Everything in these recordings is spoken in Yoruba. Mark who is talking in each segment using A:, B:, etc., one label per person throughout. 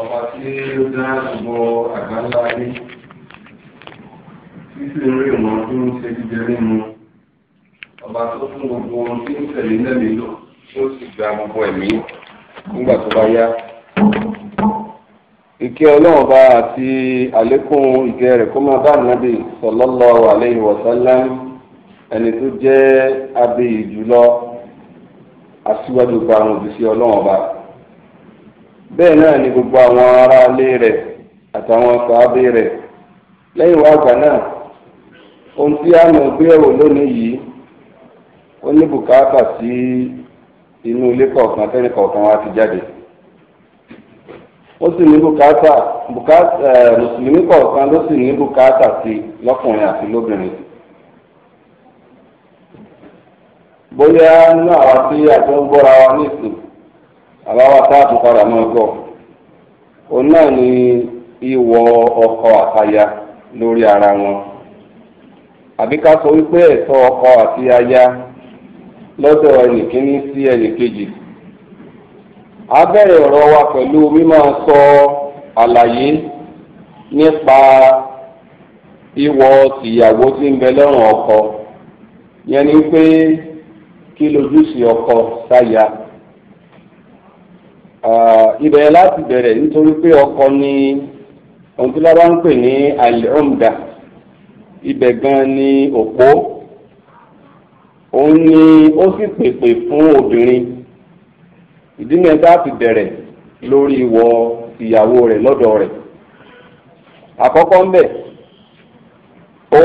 A: ọba tí ó dá gbogbo àgbáńlá ayé títí rí ìmọ̀ tó ń ṣe jíjẹ nínú ọba tó fún gbogbo ohun tí ń tẹ̀lé lẹ́mìí lò tí ó sì gba gbogbo ẹ̀mí nígbà tó bá yá. ìkẹ́ ọlọ́run bá àti àlékún ìkẹ́ rẹ̀ kó máa bá nàbì sallallahu alaihi wasallam ẹni tó jẹ́ abẹ́yì jùlọ aṣíwájú parun òbí sí ọlọ́run bá. bẹ́ẹ̀ náà ni gbogbo àwọn aráalé rẹ̀ àtàwọn sàábé rẹ̀ lẹ́yìn wá náà ohun tí a mọ̀ gbé ẹ̀wò lónìí yìí ó ní bùkátà sí inú ilé kọ̀ọ̀kan tẹ́nì kọ̀ọ̀kan wa ti jáde ó sì ní bùkátà mùsùlùmí kọ̀ọ̀kan ló sì ní bùkátà sí lọ́kùnrin àti lóbìnrin. bóyá nínú tí àbáwá táàtù padà máa gbọ́ òun náà ni ìwọ ọkọ àtaya lórí ara wọn àbí ká sọ wípé ẹ̀tọ́ ọkọ àti aya lọ́dọ̀ ẹnìkíní sí ẹnìkejì a bẹ̀rẹ̀ ọ̀rọ̀ wa pẹ̀lú mímọ́ sọ àlàyé nípa ìwọ tìyàwó tí ń bẹ lọ́rùn ọkọ yẹn ni pé kí lójúṣe ọkọ sáya. ibẹ̀ láti bẹ̀rẹ̀ nítorí pé ọkọ ni ohun tí lábá ń pè ní al-umda ibẹ̀ gan ni òpó òun ni ó sì pèpè fún obìnrin ìdí mẹ́ta ti bẹ̀rẹ̀ lórí ìwọ ìyàwó rẹ̀ lọ́dọ̀ rẹ̀ àkọ́kọ́ ń bẹ ó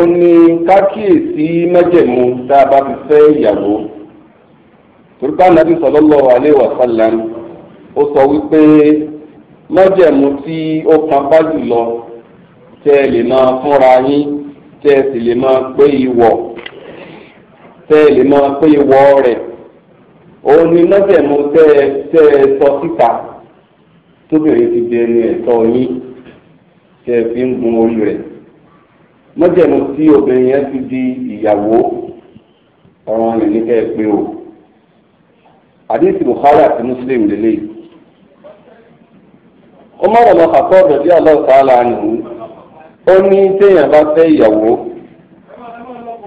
A: kákíyèsí májẹ̀mú tá a bá fi fẹ́ ìyàwó torí nàbí sallallahu alaihi wa ó sọ wípé májẹ̀mú tí ó kápá jùlọ tẹ́ ẹ lè máa fúnra yín tẹ́ ẹ sì lè máa pé ìwọ̀ tẹ́ ẹ lè máa pé ìwọ̀ rẹ̀ òun ni májẹ̀mú tẹ́ ẹ tẹ́ ẹ sọ síta tóbìnrin ti di ẹni ẹ̀tọ́ yín tẹ́ ẹ fi ń gun orí rẹ̀ májẹ̀mú tí obìnrin yẹn ti di ìyàwó ọ̀ràn rẹ̀ ní kẹ́ ẹ pé o àdéhùn Bukhari àti Muslim lélẹ́yìí. Umar ibn Khattab radiyallahu ta'ala anhu ó ní téèyàn bá fẹ́ ìyàwó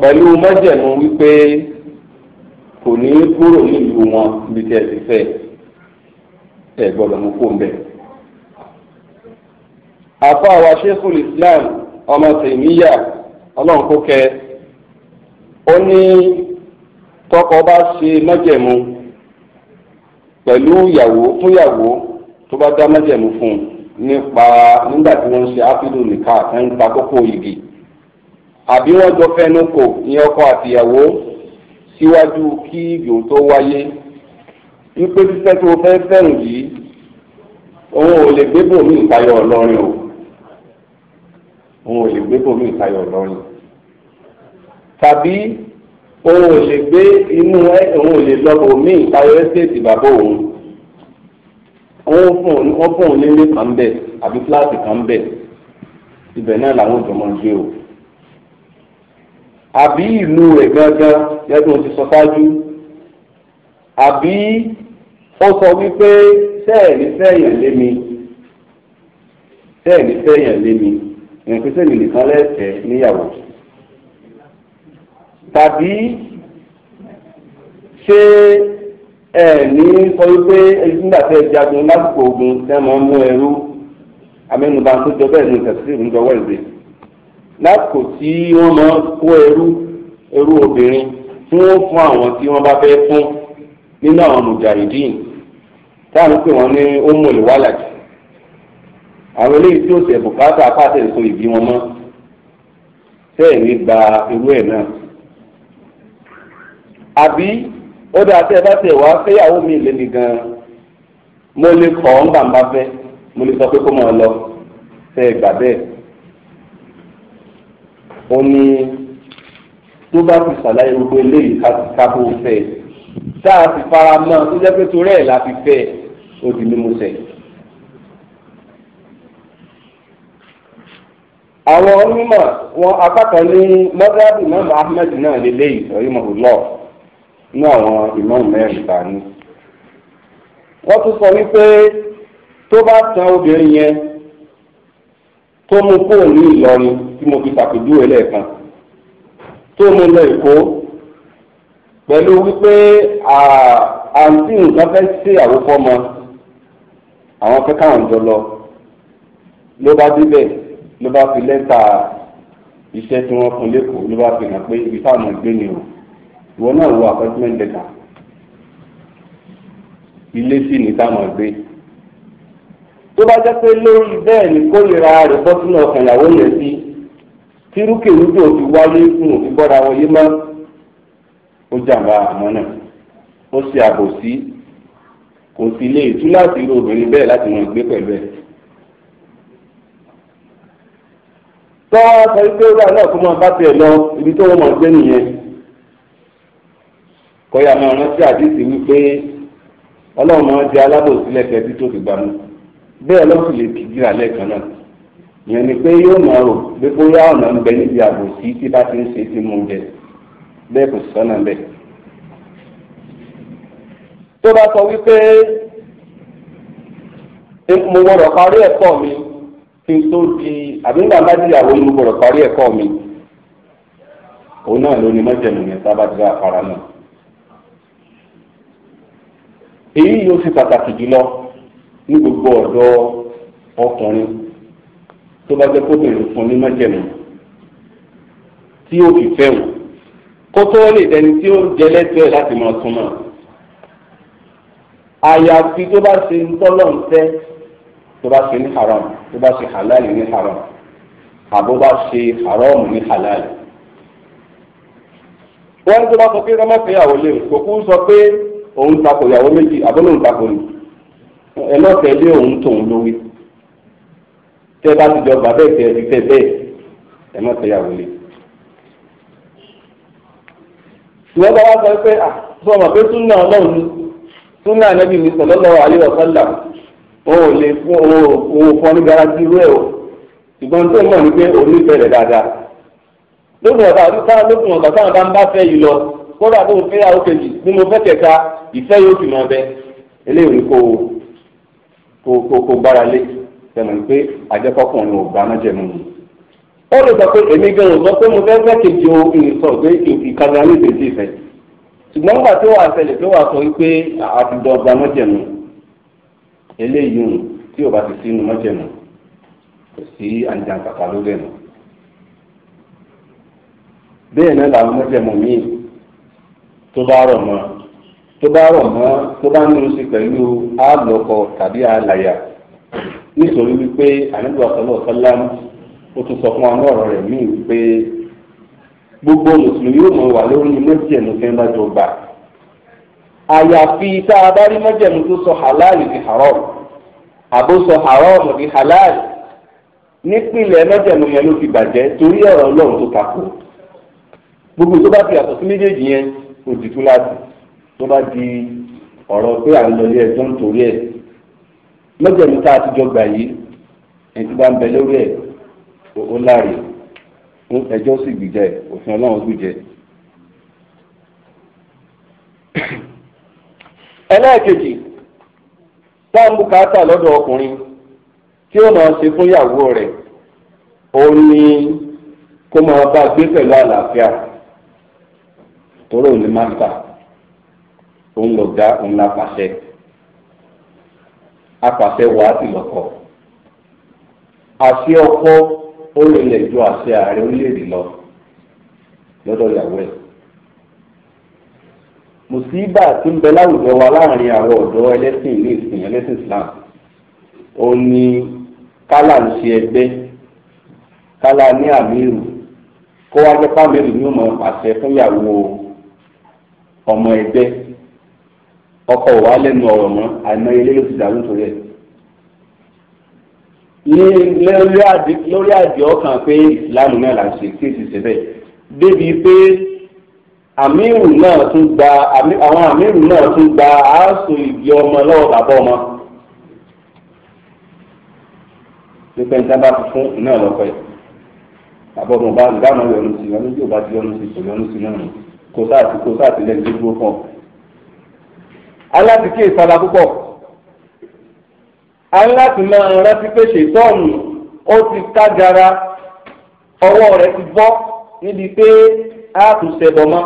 A: pẹ̀lú májẹ̀mú wípé kò ní kúrò nílùú wọn bí tẹ́ ẹ ti fẹ́ ẹ gbọ́dọ̀ mú kó ń bẹ̀. àfa àwa Sheikhul Islam ọmọ tèmíyà ọlọ́run kó kẹ́ ó ní tọkọ bá ṣe májẹ̀mú pẹ̀lú ìyàwó fún ìyàwó tó bá dá májẹ̀mú fún un nípa nígbà tí wọ́n ń ṣe ápílù nìka kan ń ta kókó igi àbí wọ́n jọ fẹ́nu kò ní ọkọ àtìyàwó síwájú kí ìgbìmọ̀ tó wáyé wípé fífẹ́ tó fẹ́ fẹ́ràn yìí òun ò lè gbé bòmí ìtayọ̀ ọlọ́rin o òun ò lè gbé bòmí ìtayọ̀ ọlọ́rin tàbí òun ò lè gbé inú ẹ òun ò lè lọ bòmí ìtayọ̀ ẹ́sẹ̀tì bàbá òun wọ́n fún òní wọ́n fún òní ilé kan bẹ́ẹ̀ àbí fúláàtì kan bẹ́ẹ̀ ibẹ̀ náà làwọn òjò máa ń gbé o. àbí ìlú rẹ̀ gángan yẹ́dùn ó ti sọ ṣáájú àbí ó sọ wípé sẹ́ẹ̀lì sẹ́yìn lé mi sẹ́ẹ̀lì sẹ́yìn lé mi ìrìnkú sẹ́yìn nìkan lẹ́sẹ̀ẹ́ níyàwó tàbí ṣé ẹ ní sọ wípé nígbà tí ẹ jagun lásìkò ogun tẹ́ máa ń mú ẹrú amẹnuba tó jọ bẹ́ẹ̀ ní ìtẹ̀sí ìrújọ wẹ̀lẹ̀ lásìkò tí wọ́n máa kó ẹrú ẹrú obìnrin tí wọ́n fún àwọn tí wọ́n bá fẹ́ fún nínú àwọn mujahideen táwọn pè wọ́n ní omole wàlàjì àwọn eléyìí tí ó ṣe bùkátà apáṣẹ èso ìbí wọn mọ́ sẹ́yìn ní gba irú ẹ̀ náà àbí ó dáa tẹ́ ẹ bá tẹ̀ wá fẹ́yàwó mi lé mi gan-an mo lè kọ́ ọ́n bàbá fẹ́ mo lè sọ pé kó máa lọ tẹ́ ẹ gbà bẹ́ẹ̀. ó ní tó bá ti ṣàlàyé gbogbo eléyìí kábó fẹ́ tá a ti fara mọ́ tó jẹ́ pé torí ẹ̀ la fi fẹ́ ó di mímú sẹ́. àwọn onímọ̀ wọn apá kan ní mọ́tàbí mọ́mọ́ Ahmed náà lélẹ́yìí ọ̀yọ́mọ̀ lọ́ọ̀ ní àwọn ìmọ̀ọ́mù mẹ́rin bá ní. wọ́n tún sọ wípé tó bá tan obìnrin yẹn tó mú fóònù ní Ìlọrin tí mo fi ṣàpèjúwe lẹ́ẹ̀kan tó mú lọ Èkó pẹ̀lú wípé àǹtí nǹkan fẹ́ ṣe àwòfọ́mọ àwọn fẹ́ káwọn jọ lọ ló bá débẹ̀ ló bá fi lẹ́tà iṣẹ́ tí wọ́n fún lẹ́kọ̀ọ́ ló bá fi hàn pé ibi táwọn gbé ni o ìwọ náà wo appointment letter ilé sì ní táwọn gbé tó bá jẹ́ pé lórí bẹ́ẹ̀ ni kólera rẹ̀ bọ́ sínú ọkàn ìyàwó yẹn sí tírúkèrúdò ti wáyé fún òfin bọ́ra wọn yé mọ́ ó jàǹbá àmọ́ náà ó ṣe àbòsí kò sì lè tú láti irú obìnrin bẹ́ẹ̀ láti wọn gbé pẹ̀lú ẹ̀. tọ́wọ́ sọ pé ó dà náà kó máa bá tiẹ̀ lọ ibi tó wọ́n máa gbé nìyẹn kọ́yà máa rántí àdìsí wípé ọlọ́run máa di alábòsí lẹ́kẹ̀ẹ́ tí tó fi gbà mú bẹ́ẹ̀ lọ́sùn lè kíjìrà lẹ́ẹ̀kan náà ìyẹn ni pé yóò máa rò pé bóyá ọ̀nà ń bẹ níbi àbòsí tí bá ti ń ṣe ti mú un jẹ bẹ́ẹ̀ kò sọ́nà bẹ́ẹ̀. tó bá sọ wípé mo gbọ́dọ̀ parí ẹ̀kọ́ mi kí n tó di àbí nígbà má di ìyàwó mo gbọ́dọ̀ parí ẹ̀kọ́ mi òun náà ló ní mọ́jẹ̀mú yẹn sábà dúró àpárá náà èyí yóò ṣe pàtàkì jùlọ ní gbogbo ọ̀dọ́ ọkùnrin tó bá jẹ́ kóbìnrin fún ní májẹ̀mú tí ó fi fẹ́ wò kó tó lè dẹni tí ó jẹ lẹ́tọ̀ọ́ láti máa súnmọ́ àyàfi tó bá ṣe tọ́lọ̀ ń tẹ́ tó bá ṣe ní haram tó bá ṣe halal ní haram àbó bá ṣe haram ní halal wọ́n ní tó bá sọ pé rọ́mọ́fẹ́yàwó lè kókó sọ pé òun takò ìyàwó méjì àbọ̀nà òun takò ní ẹ náà tẹ̀lé òun tòun lórí tẹ́ bá ti jọ bàbá ẹ̀ tẹ̀ ẹ̀ ti ẹ má tẹ̀ ìyàwó lé. ìwọ́n bá wá sọ pé àti ọmọ pé súnà ọlọ́run ni súnà anábì mi sallallahu alaihi wasallam òun ò lè fún òun fún ọ ní garanti irú ẹ̀ o ṣùgbọ́n tó mọ̀ ní pé òun nífẹ̀ẹ́ rẹ̀ dáadáa lókun ọ̀tá lókun ọ̀tá táwọn bá ń bá fẹ́ yìí lọ kódà tó fẹ́ yàwó kejì ní mo fẹ́ kẹta ìfẹ́ yóò fi máa bẹ eléyìí kò kò kò kò gbára lé tẹ̀mọ̀ pé àjẹkọ́kùnrin ò bá náà jẹ̀mú mi. ó lè sọ pé èmi gan ò sọ pé mo fẹ́ fẹ́ kejì o ìsọ pé ìkànnì alẹ́ ìdè sí ìfẹ́ ṣùgbọ́n nígbà tí wàá ṣẹlẹ̀ pé wàá sọ wípé àtijọ́ ọba náà jẹ̀mú eléyìí tí ò bá ti sínú náà jẹ̀mú kò sí àjàǹkàkà lórí ẹ̀ bẹ́ẹ̀ náà làwọn mọ́jẹ̀mú míì tó bá rọ̀ mọ́ tó bá rọ̀ mọ́ tó bá nínú sí pẹ̀lú àlọ́kọ tàbí àlàyà nítorí wípé àníbùwà sọlọ́ sọlá ó tún sọ fún wa ní ọ̀rọ̀ rẹ̀ míì wípé gbogbo mùsùlùmí yóò mọ̀ wà lórí mọ́jẹ̀mú fẹ́ bá jọ gbà àyàfi tá a bá rí mọ́jẹ̀mú tó sọ halal di haram àbó sọ haram di halal nípìnlẹ̀ mọ́jẹ̀mú yẹn ló fi bàjẹ́ torí ọ̀rọ̀ ọlọ́run tó takò gbogbo tó bá fi àtọ̀ sí méjèèjì yẹn ó ti tó bá di ọ̀rọ̀ pé à ń lọlé ẹjọ́ nítorí ẹ̀ lọ́jọ́ni tá a ti jọ gbà yìí ẹni tí bá ń bẹ lórí ẹ̀ ó láre ẹjọ́ sì gbìjà ẹ̀ òfin ọlọ́run gbìjẹ́. ẹlẹ́ẹ̀kejì tá a ń bùkátà lọ́dọ̀ ọkùnrin tí ó máa ṣe fún ìyàwó rẹ̀ òun ni kó máa bá gbé pẹ̀lú àlàáfíà tóró ní máta òun lọ̀gá òun lápàṣẹ apàṣẹ wàá sì lọ́kọ àṣẹ ọkọ ó lè ju àṣẹ ààrẹ orílẹ̀-èdè lọ lọ́dọ̀ ìyàwó ẹ̀ mùsíbà tí ń bẹ láwùjọ wa láàrin àwọn ọ̀dọ́ ẹlẹ́sìn ní ìsìn ẹlẹ́sìn Islam ó ní kálà ń ṣe ẹgbẹ́ kálà ní àmírù kó wá jẹ́ pàmílì ní òmò pàṣẹ fún ìyàwó o ọmọ ẹgbẹ́ ọkọ wa lẹ́nu ọ̀rọ̀ mọ́ àìmọ̀ ilé yóò ti dàrú torí ẹ̀. ní lórí àdì ọkàn pé ìsìláàmù náà là ń ṣe kí èsì bẹ́ẹ̀ débi pé àmírù náà tún gba àwọn àmírù náà tún gba àásù ìgbé ọmọ lọ́wọ́ bàbá ọmọ. pípẹ́ níta bá fún iná ọ̀lọ́pẹ́ bàbá ọmọ bá ń dáná yọnu sí i wọn ní bí ò bá ti yọnu sí i kò yọnu sí i náà nù kò sáàtì kò sáàtì lẹ́nu tó dúró fún ọ. aláti kí ìsara púpọ̀ aláti máa rántí pé ṣètọ́ọ̀nù ó ti kágara ọwọ́ rẹ̀ ti bọ́ níbi pé a kò ṣẹ̀bọ̀ mọ́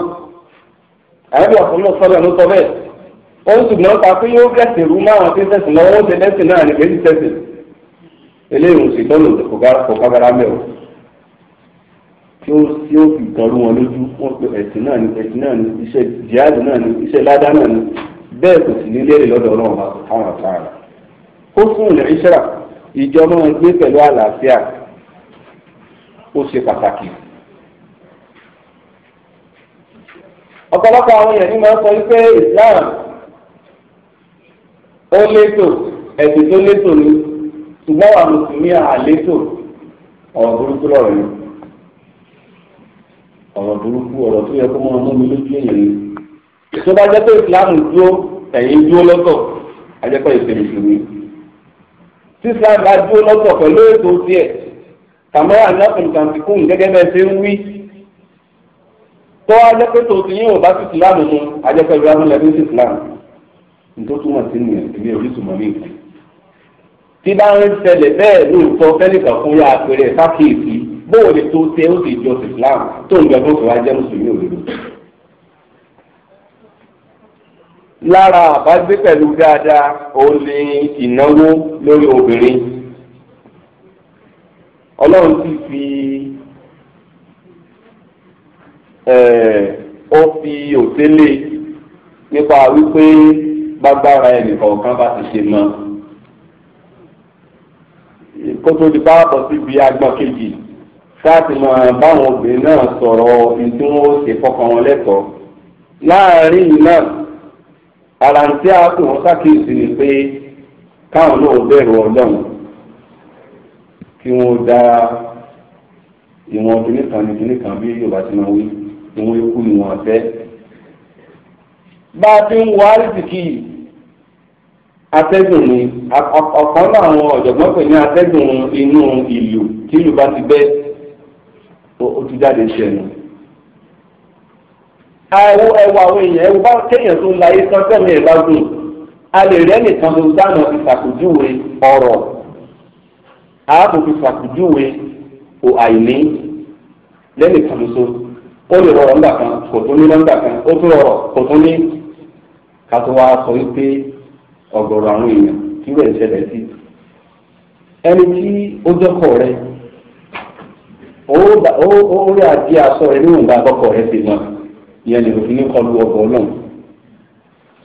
A: àyẹ̀bí ọ̀sán náà sọ́dọ̀ ló sọ bẹ́ẹ̀ ó ń ṣùgbọ́n pa pé yóò gẹ̀sìn rú márùn-ún tí sẹ̀sìn lọ́wọ́ ó ṣe lẹ́sìn náà ní kéjì sẹ̀sìn eléyìí ò sì tọ́lù kò kágara tí ó fi dàrú wọn lójú wọn pe ẹ̀sìn náà ni ẹ̀sìn náà ni iṣẹ́ jihadu náà ni iṣẹ́ ládá náà ni bẹ́ẹ̀ kò sì ní léèrè lọ́dọ̀ ọlọ́run bá ó ìjọ pẹ̀lú àlàáfíà ó ṣe pàtàkì. ọ̀pọ̀lọpọ̀ àwọn sọ wípé Islam ó létò ẹ̀sìn tó létò ni ṣùgbọ́n àwọn mùsùlùmí àlétò ọ̀rọ̀ burúkú lọ́rọ̀ yìí. ọ̀rọ̀ burúkú ọ̀rọ̀ tó yẹ kó máa mú mi lójú èèyàn ni. tó bá jẹ́ pé ìsìláàmù dúró ẹ̀yìn dúró lọ́tọ̀ ajẹ́pẹ́ ìsinmi sí mi. tí ìsìláàmù bá dúró lọ́tọ̀ pẹ̀lú ètò tiẹ̀ kàmọ́rà nọ́ọ̀kùn kàǹtìkùn gẹ́gẹ́ bẹ́ẹ̀ ṣe ń wí. tó ajẹ́ pé tòun ti yín ò bá sí ìsìláàmù mu ajẹ́pẹ́ ìsìláàmù lẹ́bí sí ìsìláàmù. nítorí túmọ̀ sí nìyẹn ìbí orísun mọ́ mi nǹkan tí bá ń ṣẹlẹ̀ bẹ́ẹ̀ lóòótọ́ fẹ́nìkan bóun lè tó ṣe ó sì jọ islam tó ń gbẹ̀fọ́ tó wá jẹ́ mùsùlùmí òdodo. lára àbágbé pẹ̀lú dáadáa òun lè ìnáwó lórí obìnrin ọlọ́run ti fi ó fi òtélè nípa wípé gbágbára ẹnìkọ̀ọ̀kan bá ti ṣe mọ́ kótó di bá bọ̀ síbi agbọ́n kejì káàtì máa báwọn obìnrin náà sọ̀rọ̀ ìdí wọn ó ṣe fọkàn wọn lẹ́kọ̀ọ́. láàárín yìí náà ara ń tí a kò wọ́n ṣàkíyèsí ni pé káwọn náà bẹ̀rù ọlọ́run kí wọ́n dá ìwọ̀n kìnnìkan ní kìnnìkan bí Yorùbá ti máa wí ìwọ̀n ikú ni wọ́n fẹ́. bá a ti ń wọ àrísìkì atẹ́gùn ni ọ̀kan náà àwọn ọ̀jọ̀gbọ́n pè ní atẹ́gùn inú ìlú tí ìlú bá ti bẹ́ẹ̀. otu jáde ṣe nù. ẹwọ ẹwọ àwọn èèyàn ẹwọ bá kéèyàn tó ń la ayé ẹ̀ bá a lè rẹ́ nìkan ló dáná fi ọ̀rọ̀ fi ṣàpèjúwe ò àìní lẹ́nìkan lóso ó lè rọrọ̀ ńgbà kan kò tún ní nọ́ńgbà kan ó tún rọrọ̀ kò tún ní ká tó sọ wípé ọ̀gọ̀rọ̀ àwọn èèyàn kí ṣẹlẹ̀ sí ẹni tí ó ó rí àdí aṣọ rẹ níwọ̀n bá rẹ ti mọ ìyẹn lè fi kọlu ọgbọ̀n náà.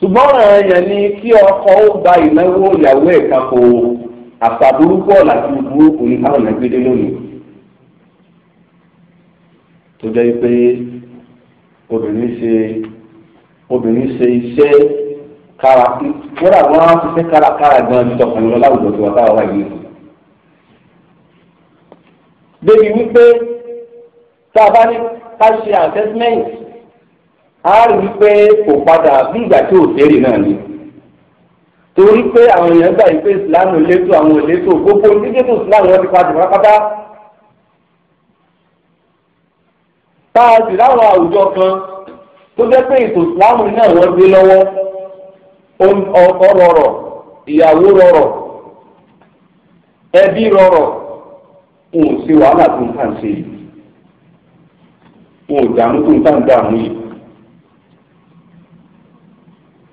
A: ṣùgbọ́n kí ọkọ ó gba ìnáwó ìyàwó ẹ̀ kakò àfàdúrúkọ láti burúkú ní káwọn nàgbédé lónìí. tó jẹ́ pé obìnrin ṣe obìnrin ṣe iṣẹ́ kára wọ́n á ṣiṣẹ́ gan-an tọkùnrin lọ débi wípé tá a bá ní ká ṣe assessment a rí i kò padà bí ìgbà tí ni torí pé àwọn èèyàn gbà yìí pé islam létò àwọn gbogbo onídìbò islam wọn ti padà pátápátá tá a sì láwọn kan tó jẹ́ pé ètò islam náà wọ́n gbé lọ́wọ́ ọkọ rọrọ ìyàwó rọrọ ẹbí rọrọ. wọn ò ṣe wàhálà tó ń tà ń ṣe yìí wọn ò dààmú tó ń tà ń dààmú yìí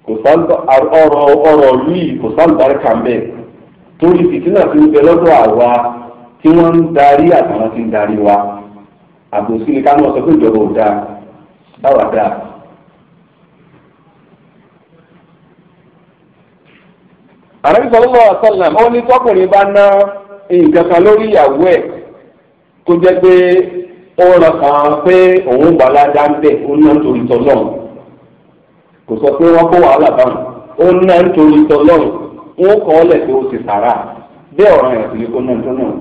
A: kò sálùbà ọ̀rọ̀ ọ̀rọ̀ yìí kò sálùbáríkà ń bẹ torí fìtínà tí ń bẹ lọ́dọ̀ àwa tí wọ́n ń darí àtàwọn tí ń darí wa àbòsí ni ká náà sọ pé ìjọba ò dáa báwa dáa. àrẹ́bí sọ́lọ́wọ́ àtọ́lá ó ní tọkùnrin bá ná nǹkan kan lórí ìyàwó ẹ̀ tó jẹ́ pé ó ràn kàn pé òun gbàládá ń bẹ̀ ó ná nítorí tọ́lọ́run kò sọ pé wọ́n kó wàhálà báwọn ó ná nítorí tọ́lọ́run wọ́n kọ́ ọ́ lẹ̀ pé ó ti sàrà bẹ́ẹ̀ ọ̀ràn ẹ̀ sì ni kó ná nítorí náà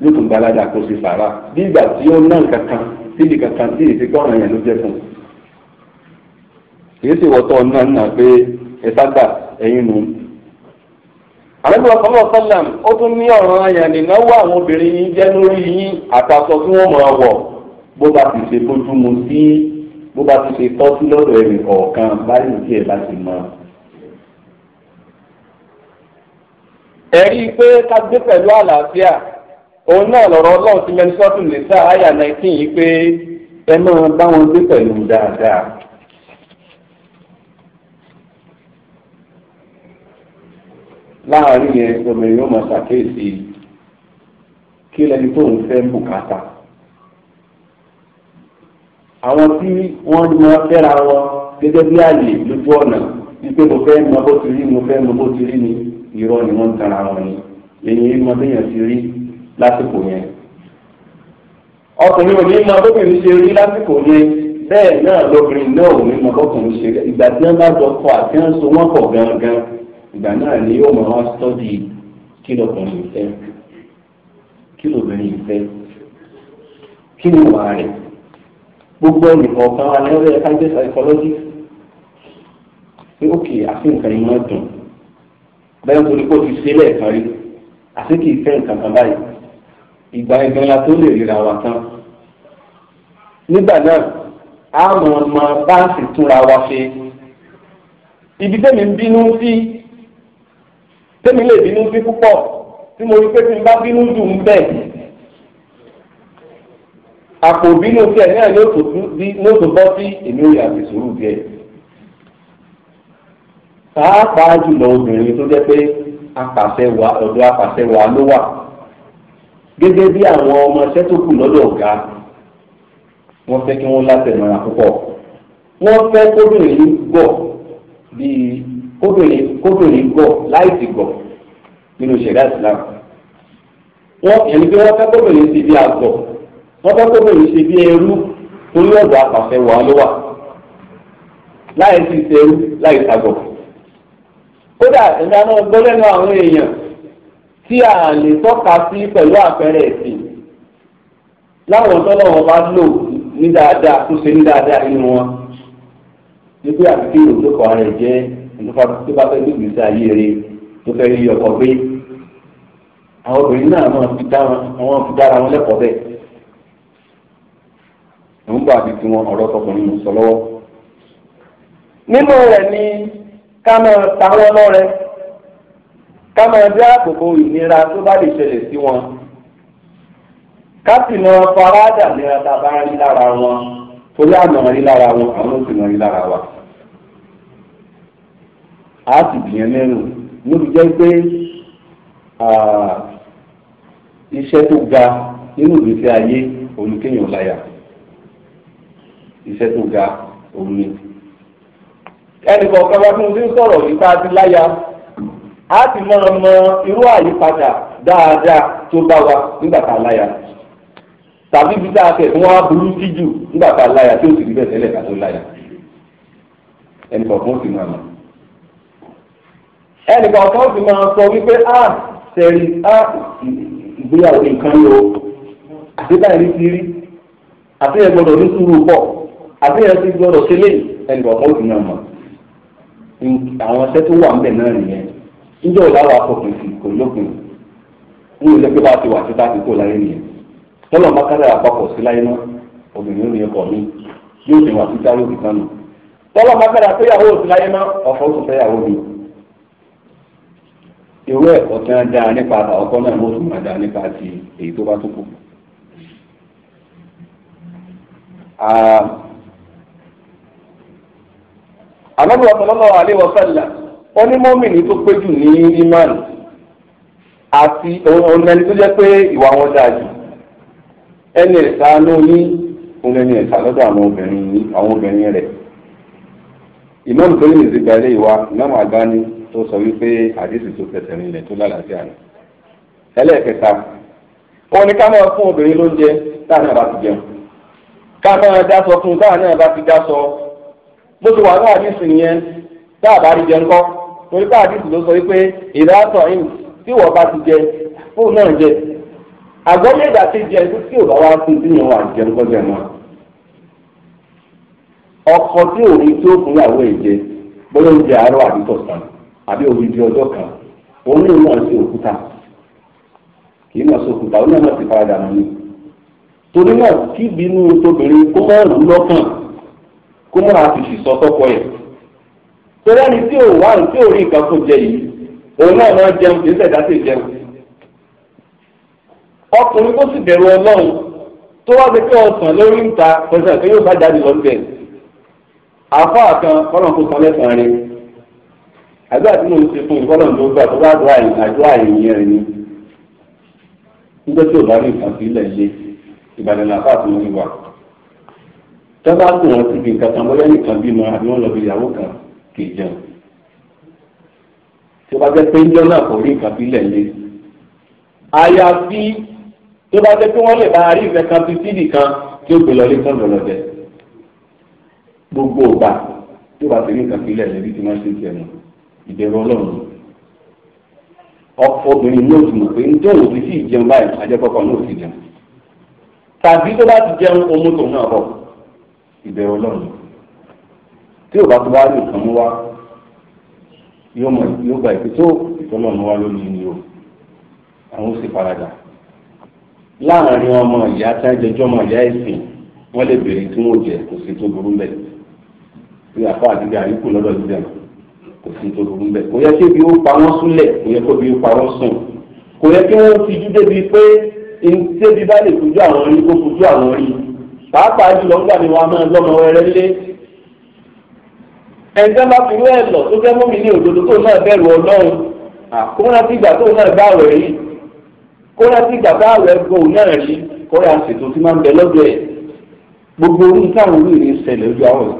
A: ló tún gbalada kó sí fara bí ìgbà tí ó ná nǹkan kan síbi kankan tí èsì kọ́ran yẹn ló jẹ́ fún un. kìí ṣe wọ́tọ̀ náà náà pé ẹ sábà ẹ̀yin nù àlejò ọ̀sánlọ̀ sálàm ó tún ní ọ̀ràn àyàn ìnáwó àwọn obìnrin yìí jẹ́ lórí yín àtàkọ tí wọ́n máa wọ̀ bó bá ti ṣe fojú mu sí bó bá ti ṣe tọ́ sí lọ́dọ̀ ẹnì kọ̀ọ̀kan báyìí tí ẹ bá ti mọ. ẹ̀rí pé ká gbé pẹ̀lú àlàáfíà òun náà lọ̀rọ̀ ọlọ́run ti mẹ́ni sọ́tún lè sá àyà 19 yìí pé ẹ máa bá wọn gbé pẹ̀lú dáadáa. láàárín yẹn obìnrin yóò máa ṣàkíyèsí kí lẹni tó ń fẹ́ bùkátà àwọn tí wọ́n máa fẹ́ra wọn gẹ́gẹ́ bí àlè lójú ọ̀nà wípé mo fẹ́ mọ bó ti rí mo fẹ́ mọ bó ti rí ni irọ́ ni wọ́n ń tara wọn ni èyí mọ béèyàn ti rí lásìkò yẹn ọkùnrin ò ní mọ bóbìnrin ṣe rí lásìkò yẹn bẹ́ẹ̀ náà lóbìnrin náà ò ní mọ bóbìnrin ṣe ìgbà tí wọ́n bá jọ kọ àti wọ́n so wọ́n pọ̀ gangan ìgbà náà ni yóò máa wá sọ́dí kí lọkùnrin ìfẹ́ kí lóbìnrin ìfẹ́ kí ni wà rẹ̀ gbogbo ẹnìkan kan wà ní ọ̀rẹ́ ẹ̀ka jẹ́ psychology pé òkè àfi nǹkan yìí máa dùn bẹ́ẹ̀ nítorí kó ti ṣe lẹ́ẹ̀kan rí àti kì í fẹ́ nǹkan kan báyìí ìgbà ẹgbẹ́ ńlá tó lè ríra wa tán nígbà náà a mọ̀ ọ́n máa bá sì túnra wa ṣe ibi tẹ́mi ń bínú sí tẹ́mi lè bínú sí púpọ̀ tí mo rí pé tí n bá bínú jù ń bẹ̀ àpò bínú tiẹ̀ náà ní òtò bọ́ sí èmi ò yà fi sùúrù díẹ̀ pàápàá jùlọ obìnrin tó jẹ́ pé apàṣẹ wa ọ̀dọ̀ apàṣẹ wa ló wà gẹ́gẹ́ bí àwọn ọmọọṣẹ́ tó kù lọ́dọ̀ ọ̀gá wọ́n fẹ́ kí wọ́n látẹ̀mọ́ra púpọ̀ wọ́n fẹ́ kóbìnrin gbọ̀ bíi kóbìnrin kóbìnrin gọ̀ láì sì gọ̀ nínú ṣẹ̀dá islam wọn ẹni pé wọn fẹ́ kóbìnrin ṣe bí àgọ̀ wọn fẹ́ kóbìnrin ṣe bí ẹrú torí ọ̀dọ̀ apàṣẹ wà ló wà láì sì ṣẹrú láì ṣàgọ̀ kódà ẹ̀dá náà gbọ́ lẹ́nu àwọn èèyàn tí a lè tọ́ka sí pẹ̀lú àpẹẹrẹ ẹ̀sìn láwọn tọ́lọ́ wọn bá lò ní dáadáa tó ṣe ní dáadáa nínú wọn nígbà tí kí òjò kan rẹ̀ jẹ́ nípa tó bá fẹ́ gbègbè sí ayé rẹ tó fẹ́ rí ọkọ gbé àwọn obìnrin náà máa fi dára wọn fi dára wọn lẹ́kọ̀ọ́ bẹ́ẹ̀ ló ń bá àti tiwọn ọ̀rọ̀ tọkùnrin mú sọ lọ́wọ́. nínú rẹ̀ ni ká máa ta wọn lọ́rẹ ká máa dé àkókò ìnira tó bá lè ṣẹlẹ̀ sí wọn ká sì máa faradà nira tá a bá rí lára wọn torí àmọ̀ rí lára wọn àwọn ò máa rí lára wa. a ti gbìyàn lẹ́rù ló jẹ́ pé iṣẹ́ tó ga nínú ìgbésí ayé òun kéèyàn láyà iṣẹ́ tó ga òun ni. ẹnì kọ̀ọ̀kan wá fún un tí sọ̀rọ̀ nípa ti láyà irú àyípadà dáadáa tó bá wa nígbà a láyà tàbí ibi tá a tẹ̀ burú jíjù nígbà tá a láyà tí ó sì rí bẹ́ẹ̀ tẹ́lẹ̀ ẹnìkan kan fi máa sọ wípé a ah, sẹ̀rí a ah, ìgbéyàwó nìkan yìí o àti báyìí ti rí àti ẹ gbọ́dọ̀ ní sùúrù pọ̀ àti ẹ ti gbọ́dọ̀ ṣe léyìí ẹnìkan kan fi máa mọ̀ àwọn iṣẹ́ tó wà ńbẹ̀ náà nìyẹn níjọ́ ìdáwà kọkùn sí kò lókun ní ilé pé bá ti wà títà ti kó láyé nìyẹn tọ́lọ̀ bá kárí àpapọ̀ sí láyé náà obìnrin ní ẹkọ mi yóò ti wà títà yóò fi kánú tọ́lọ̀ bá kárí àpéyàwó sí láyé náà ọ̀fọ̀ ó fẹ́yàwó mi. irú ẹ̀kọ́ tí wọ́n dáa nípa àkọ́kọ́ náà ló tún máa dáa nípa ti èyí tó bá tó kù. àlọ́bù ọ̀sánlọ́wọ́ àléwọ̀sánlá ó ní mọ́mìnì tó pé jù ní imán àti ọ̀nẹ́ni tó jẹ́ pé ẹni ẹ̀ta ló ní tó sọ wípé àdéhùn tó fẹsẹ̀ rinlẹ̀ tó lálàáfíà rẹ̀. ẹlẹ́ẹ̀kẹta òun ni ká máa fún obìnrin lóúnjẹ táà náà bá ti jẹun ká máa dáṣọ fún táà náà bá ti dáṣọ bó ti wà ní àdéhùn nìyẹn táà bá rí jẹun kọ́ torí pé àdéhùn ló sọ wípé ìdáàtọ̀ ìn tí wọ́n bá ti jẹ fóun náà jẹ àgọ́ méjì àti jẹ tí ò bá wá fún tí yẹn wà jẹun kọ́ jẹun náà ọkọ tí òun tí ó fún ìyàwó ẹ̀ jẹ bóyá oúnjẹ àárọ̀ àdìtọ̀ sàn àbí òbí di ọjọ́ kan òun ní ìwọ̀n sí òkúta kì í mọ̀ sí òkúta òun náà ti faradà mọ́ ni. torí náà kí ìbínú tóbìnrin kó mọ̀ rú lọ́kàn kó mọ̀ àfìsì sọ tọ́kọ ẹ̀. torí ẹni tí ò wá tí ò rí nǹkan tó jẹ yìí òun náà máa jẹun kì í ṣẹ̀dá sí jẹun. ọkùnrin tó sì bẹ̀rù ọlọ́run tó wá pé kí ọ̀sán lórí ń ta pẹ̀sẹ̀ pé yóò bá jáde lọ́ńdẹ̀ àfáà kan kọ́nà àdúrà tí mo ń ṣe fún ìfọlọ́n tó gbà tó bá dùn àyìn àdúrà àyìn yẹn ni nígbà tí ò bá ní nǹkan sí ilẹ̀ ṣe ìbàdàn làbá tó ń wà tọ́ba kù wọn síbi nǹkan kan bóyá nìkan bímọ àbí wọn lọ bí ìyàwó kan kì í jẹun tó bá jẹ́ pé ńjọ́ náà kò rí nǹkan bílẹ̀ lé àyàfi tó bá jẹ́ pé wọ́n lè bá rí ìfẹ́ kan fi sídì kan tí ó gbé lọ lé fún lọ́lọ́dẹ gbogbo ògbà ìbẹ̀rù ọlọ́run obìnrin ní oṣù pé ń tó òsì sí ìjẹun báyìí ajẹ́kọ̀ọ́kọ́ ní tàbí tó bá ti jẹun ohun tó náà bọ̀ ìbẹ̀rù tí ò bá tó wá lè kàn mú wá yóò gba tó ìtọ́lọ́run wá ni o àwọn ọmọ ìyá ìyá wọ́n lè béèrè tí wọ́n jẹ kò tó burú bí àpá kò sí tó burú bẹ́ẹ̀ kò yẹ kí ebi ó pa wọ́n súnlẹ̀ kò yẹ kó ebi ó pa wọ́n sùn kò yẹ kí wọ́n fi jíde bíi pé ìtẹ́bí bá lè fojú àwọn rí kó fojú àwọn rí pàápàá jùlọ nígbà ni wọn a máa lọ́mọ wẹrẹ lé ẹ̀ńtẹ́ bá fi wẹ́ẹ̀ lọ tó fẹ́ mọ́mí ní òdodo tó náà bẹ̀rù ọlọ́run kóra ti gbà tó náà bá àwẹ̀ rí kóra ti gbà bá àwẹ̀ gbò náà rí kóra ṣètò tí máa ń bẹ lọ́dọ̀ ẹ̀ gbogbo orí táwọn olóyè ń ṣẹlẹ̀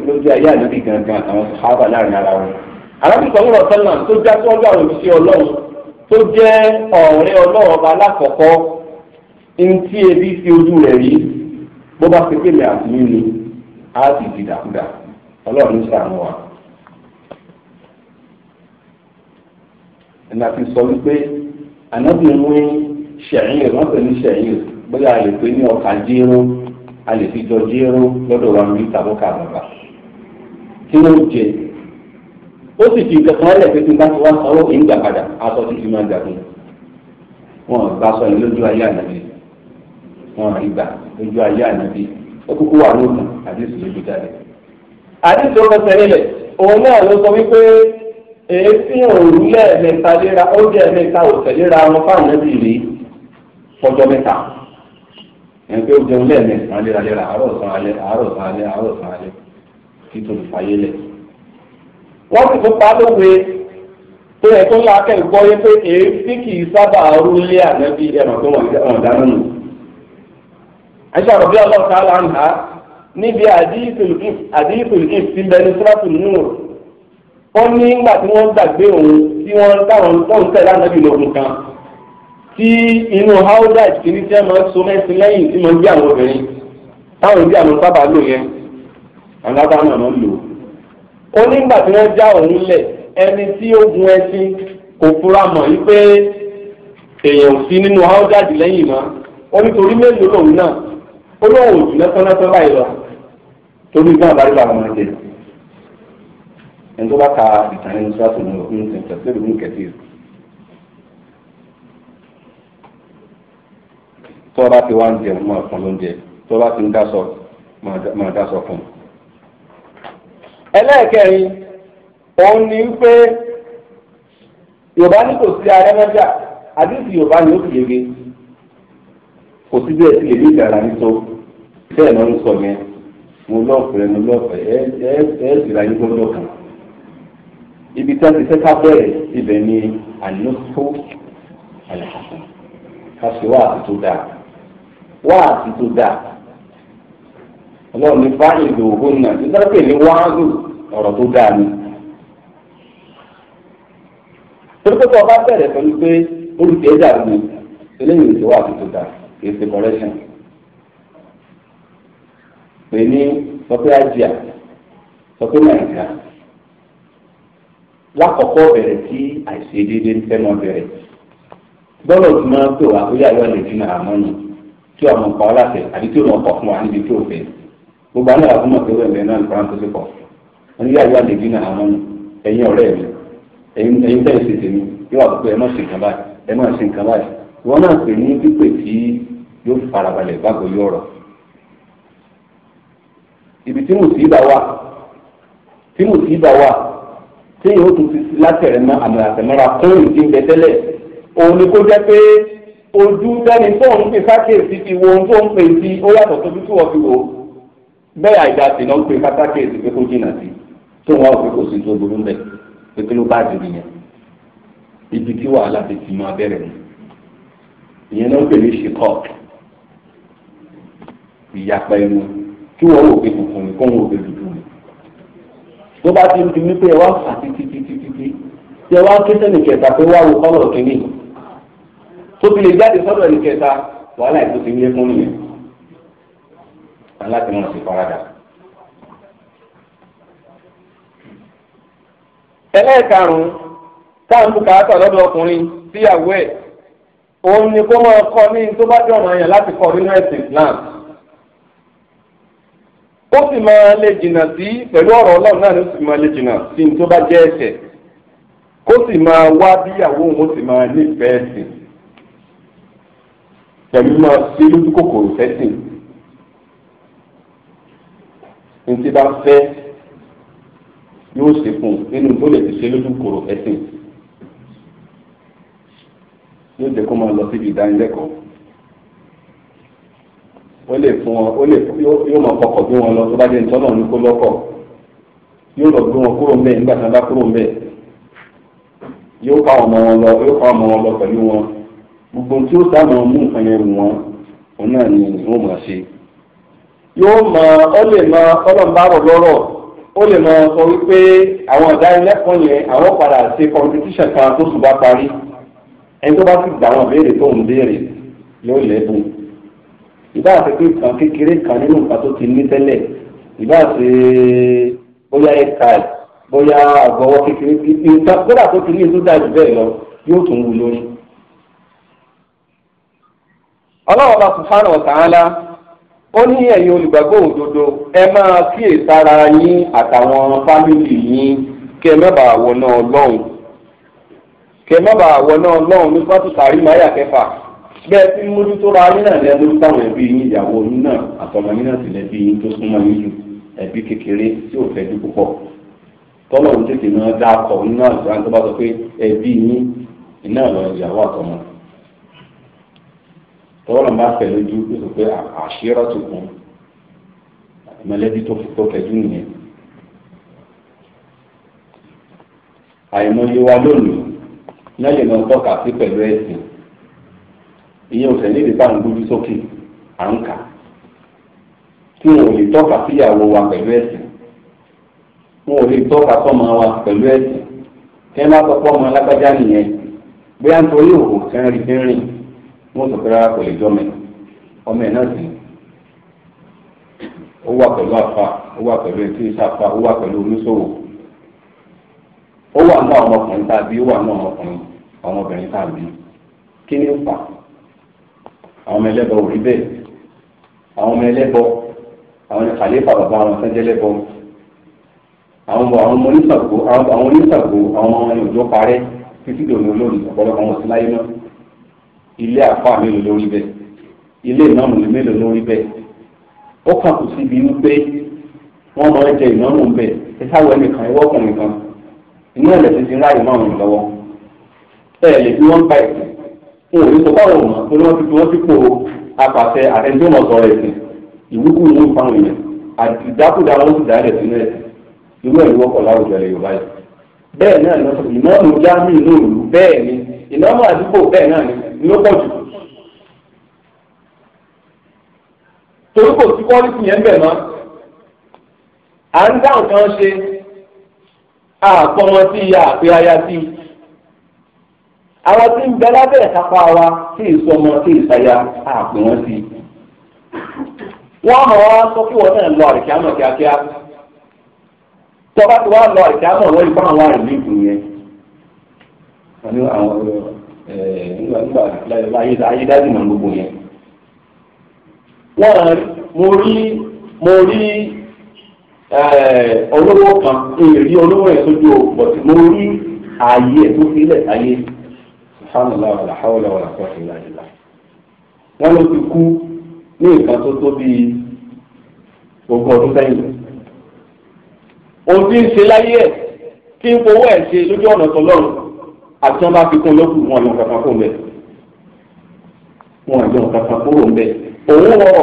A: lójú ayé àlórí gangan àwọn sábà láàrin ara wọn arábìsọ̀ ńlọ sọ́nà tó já tó ọjọ́ àwọn òṣìṣẹ́ ọlọ́run tó jẹ́ ọ̀rẹ́ ọlọ́run ọba alákọ̀ọ́kọ́ ntí ebi fi ojú rẹ̀ rí bó bá fi pèlè àtúnyí ni á sì di dàkúdà ọlọ́run ń sàánú wa. ẹ̀nà ti sọ wípé ànábìrin wí ṣẹ̀yìn rẹ̀ wọ́n pè ní ṣẹ̀yìn bóyá a lè pè ní ọkà jéró a lè fi jọ jéró lọ́dọ̀ wa ní tàbókà bàbà kí ló ń jẹ ó sì fi nǹkan kan lẹ̀ pé tí n bá ti wá sanwó kì í gbà padà aṣọ títí máa gbà fún un wọn gba aṣọ yìí lójú ayé ànábì wọn ìgbà lójú ayé ànábì ó kúkú wà lóògùn àdéhùn lójú jáde. àdéhùn tó fẹsẹ̀ nílẹ̀ òun náà ló sọ wípé èyí tí òun lẹ́ẹ̀mẹ́ta léra ó jẹ́ ẹ̀mẹ́ta ò tẹ̀léra wọn fáwọn ẹbí rí fọjọ́ mẹ́ta ẹni pé ó jẹun lẹ́ẹ̀mẹ́ta léraléra àárọ̀ sàn alẹ́ àárọ̀ sàn alẹ́ àárọ̀ sàn alẹ́ títún ìfàyẹ́lẹ̀ wọ́n sì tún pa lówe pé ẹ̀ tó ń la akẹ́ ìgbọ́yé pé èéfín kì í sábà rú ilé ànábì ẹ̀rọ tó wọ̀n dáná nù. àìsàn àròbí ọlọ́ọ̀ta là ń ha níbi àdíyìkùn ìf ti lẹnu sọ́ọ̀tù nùr wọ́n ní nígbà tí wọ́n gbàgbé òun tí wọ́n táwọn tó ń tẹ̀lé ànábì lókun kan tí inú haúdà ìkíní tí wọ́n máa ń so mẹ́sìn lẹ́yìn tí wọ́n gbé àwọn obìnrin táwọn ìdí àwọn sábà lò yẹn àwọn ó nígbà tí wọ́n já òun lẹ̀ ẹni tí ó gun ẹṣin kò fura mọ̀ yí pé èèyàn sí nínú áódàdì lẹ́yìn mọ́ ó nítorí mélòó lòun náà ó lóun ò jù lẹ́sán-lẹ́sán báyìí lọ torí gbọ́n àbárí bàbá máa ẹni tó bá ka ìtàn ẹni tó bá tó ní kẹ̀tì tó bá ti wá ń jẹun máa lóúnjẹ tó ti ń dá sọ máa ẹlẹ́ẹ̀kẹrin òun ni wípé yorùbá ní kò sí arẹ́mọ́jà àdìsí yorùbá ni ó sì yege kò sí bí ẹtí lè ní ìdára nító bẹ́ẹ̀ lọ́nu sọ yẹn mo lọ́ọ̀fẹ́ mo lọ́ọ̀fẹ́ ẹ ẹ ẹ sì ra yín gbọ́dọ̀ kan ibi tí a ti sẹ́ka bẹ̀rẹ̀ ibẹ̀ ni ànúfó àlàáfíà ká ṣe wáàtí tó dáa wáàtí tó dáa ọlọ́run ní fáìlì òhún náà nígbà pé ní wáàlù ọ̀rọ̀ tó dáa ni. torípótó ọba bẹ̀rẹ̀ pẹ̀lú pé olùdíje dàrú ni eléyìí ìṣòwò àtúntò dà kìí ṣe correction. pè ní sọpé àjíà sọpé nàìjíríà lákọ̀ọ́kọ́ bẹ̀rẹ̀ tí àìṣedéédé ń fẹ́mọ́ bẹ̀rẹ̀ gbọ́dọ̀ tí wọ́n pè wá ó yà lọ́ọ̀lẹ̀ jìnnà àmọ́ nù tí ọmọ nǹkan ọlá fẹ́ àbí tí ó mọ̀ ọkọ̀ fún wa níbi tí ò gbogbo àwọn àwọn ọmọdé wẹ̀ mẹ́rin náà kọ́ra tó ti pọ̀ wọ́n ní yàrá lè dínà àwọn ọmọ ẹ̀yin ọ̀rẹ́ mi ẹ̀yin tẹ̀ ṣe tèmi yóò àkókò ẹ má ṣe nǹkan báyìí ẹ má ṣe nǹkan báyìí wọn náà pè ní pípé tí yóò farabalẹ̀ gbàgbọ́ yóò rọ̀ ibi tí mùsíbà wà tí mùsíbà wà tí yóò tún ti látẹ̀rẹ̀ mọ́ àmì àtẹ̀mọ́ra kún ìdí ìbẹ tẹ́lẹ̀ òun ni kó jẹ́ pé ojú dání tó ń pè sákèsí fi wo ohun tó ń pè sí ó yàtọ̀ tójú tí wọ́n fi wò ó bẹ́ẹ̀ àìdáàsì náà ń pe pátákéèsì pé kó jìnnà sí tó wọn ò pé kò sí tó burú bẹ́ẹ̀ pé kí ló bá dì nìyẹn ibi tí wàhálà ti ti máa bẹ̀rẹ̀ ni ìyẹn náà ń pè ní shikok ìyapa ẹnu kí wọn ò pé funfun ni kó wọn ò pé dúdú ni tó bá ti di wípé ẹ wá fà títí títí títí tí ẹ wá ké sẹ́ni kẹta pé wá wo kọ́lọ̀ kínní tó fi lè jáde sọ́dọ̀ ẹni kẹta wàhálà ètò ti ń yẹ fún nìyẹn. láti mọ̀ sí faradà. ẹlẹ́ẹ̀karùn-ún táwọn bùkátà lọ́dọ̀ ọkùnrin síyàwó ẹ̀ òun ni kó máa kọ́ ní tó bá dọ̀nà yàn láti kọ́ nínú ẹ̀sìn Islam ó sì máa lè jìnnà sí pẹ̀lú ọ̀rọ̀ ọlọ́run náà ló sì máa lè jìnnà sí si tó bá jẹ́ ẹ̀ṣẹ̀ kó sì máa wá bíyàwó òun ó sì máa nífẹ̀ẹ́ sìn pẹ̀lú máa ní tí bá fẹ́ yóò ṣèkùn nínú tó lè ti ṣe lójú kòrò ẹ̀sìn yóò jẹ́ kó máa lọ síbi ìdánilẹ́kọ̀ọ́ ó lè fún wọn ó lè yóò máa fọkọ̀ bí wọn lọ tó bá jẹ́ nítorí ọ̀nà kó lọ́kọ̀ yóò lọ gbé wọn kúrò mbẹ́ nígbà tí wọ́n bá kúrò mbẹ́ yóò kọ́ àwọn ọmọ wọn lọ yóò kọ́ àwọn ọmọ wọn lọ pẹ̀lú wọn gbogbo tí ó sáà mú nǹkan yẹn wù wọn òun náà ni wọ́n máa ṣe yóò mọ ọ lè mọ ọlọ́mbàrò lọ́rọ̀ ó lè mọ sọ wípé àwọn ìdánilẹ́kọ̀ọ́ yẹn àwọn padà ṣe competition kan tó sùn bá parí ẹni tó bá sì gbà wọn béèrè tó ń béèrè yóò lẹ́bùn ìbá àti pé nǹkan kékeré kan nínú nǹkan tó ti ní tẹ́lẹ̀ ìbá àti bóyá ẹ̀ka ẹ̀ bóyá àgbọ̀wọ́ kékeré nǹkan kódà tó ti ní ètò dájú bẹ́ẹ̀ lọ yóò tún wù lórí. ọlọ́run bá sùn fáràn ọ̀tàn án lá. ó ní ẹ̀yin olùgbàgbọ́ òdodo ẹ máa kíyèsára yín àtàwọn fámìlì yín kẹ́ ẹ má ọlọ́run kẹ́ ẹ má ọlọ́run ní pátó máyà kẹfà bẹ́ẹ̀ tí mójú tó ra yín náà lẹ́ mójú táwọn ẹbí yín ìyàwó yín náà àtọmọ yín náà sì lẹ́bí yín tó súnmọ́ yín jù ẹbí kékeré tí ò tọ́wọ́n bá fẹ̀ lójú ó sọ pé àṣírọ́ tó kún mọ̀lẹ́bí tó tó kẹjú nìyẹn. àìmọye wa lónìí náà lè máa tọ́ka sí pẹ̀lú ẹ̀sìn ìyẹn ò tẹ̀lé ìdíbà ń gbójú sókè à ń kà tí wọn ò lè tọ́ka síyàwó wa pẹ̀lú ẹ̀sìn wọn ò lè tọ́ka sọ́mọ wa pẹ̀lú ẹ̀sìn kí wọ́n ọmọ alágbájá nìyẹn bí wọ́n á ń torí òkú kẹrin kẹrin. wọ́n sọ pé rárá kò lè jọmọ ọmọ ẹ̀ náà sì ó wà pẹ̀lú àfa ó wà pẹ̀lú etí ìsàfà ó wà pẹ̀lú oníṣòwò ó wà náà ọmọkùnrin tá a bí ó wà náà ọmọkùnrin ọmọbìnrin tá a bí kí ni ó fà àwọn ọmọ ẹlẹ́bọ ò rí àwọn ọmọ ẹlẹ́bọ àwọn ilé àfa mélòó lórí bẹ́ẹ̀ ilé ìnáwó mélòó lórí bẹ́ẹ̀ ó kàn kù síbi wípé wọ́n máa ń jẹ ìnáwó ń bẹ̀ ẹ sáwọ́ ẹnìkan ẹ wọ́kùnrin kan inú ẹ̀lẹ́ ti ti ráàyè máa ràn lọ́wọ́ ẹ lè fi wọ́n pa ẹ̀sìn wọn ò ní sọ báwọn ọ̀nà tó ní wọ́n ti fi wọ́n sípò apàṣẹ àtẹnudọ́nà sọ̀rọ̀ ẹ̀sìn ìwúkú ìwú ìfáwọn èèyàn àti ìdákùdá wọn sì dáadẹ̀ sínú ẹ̀sìn irú ẹ̀ ló wọ́pọ̀ láwùjọ ilẹ̀ Yorùbá yìí bẹ́ẹ̀ náà ìnáwó jámì lóòrù bẹ́ẹ̀ ni ìnáwó àdúgbò bẹ́ẹ̀ náà ni ló pọ̀ jù. torí kò sí kọ́lífù yẹn bẹ̀ mọ́ à ń dáhùn kan ṣe àpọ̀mọ́ sí ìyá àpé aya sí i àwọn tí ń bẹ lábẹ́ ìkápá wa sí ìsọmọ sí ìsàyà àpè sí i wọ́n mọ̀ wá sọ kí wọ́n náà lọ àrìkí àmọ̀ kíákíá tọ́ba tí wọ́n lọ àrìkí àmọ̀ wọ́n yìí fún àwọn àrìmí ìgbìyànjú wọ́n àwọn nígbà nígbà ayédájú náà gbogbo yẹn. wọ́n mo rí mo rí olówó kan èrè olówó yẹn sójú o mo rí ààyè tó fi lẹ̀ sáyé subhanallah wàlá hawla wàlá quwwata illa billah wọ́n ló ti kú ní nǹkan tó tó bíi ogún ọdún sẹ́yìn òun ti ń ṣe láyé ẹ̀ tí ń fowó ẹ̀ ṣe lójú ọ̀nà tọ́lọ́run àti wọn bá fi kún lókù wọn yọ kankan kó ń bẹ wọn yọ kankan kúrò ń bẹ òun rọrọ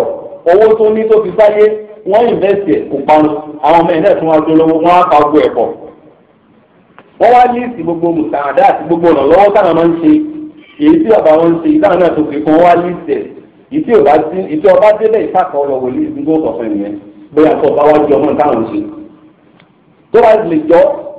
A: owó tó ní tó fi sáyé wọn ìnvẹsì ẹ kò parun àwọn ọmọ ẹ náà tún wá tó lówó wọn á pa gbogbo ẹ pọ wọn wá ní ìsìn gbogbo mùsàdá àti gbogbo ọ̀nà lọ́wọ́ táwọn máa ń ṣe èyí tí bàbá wọn ń ṣe ìdáhùn náà tó fi kún wọn wá ní ìsìn èyí tí ọba dé èyí tí ọba délẹ̀ ìfàkọ̀ ọ̀rọ̀ wòlíì ìdúgbò sọ̀fẹ́ nìyẹn bóyá tó ọba wá jọ ọmọ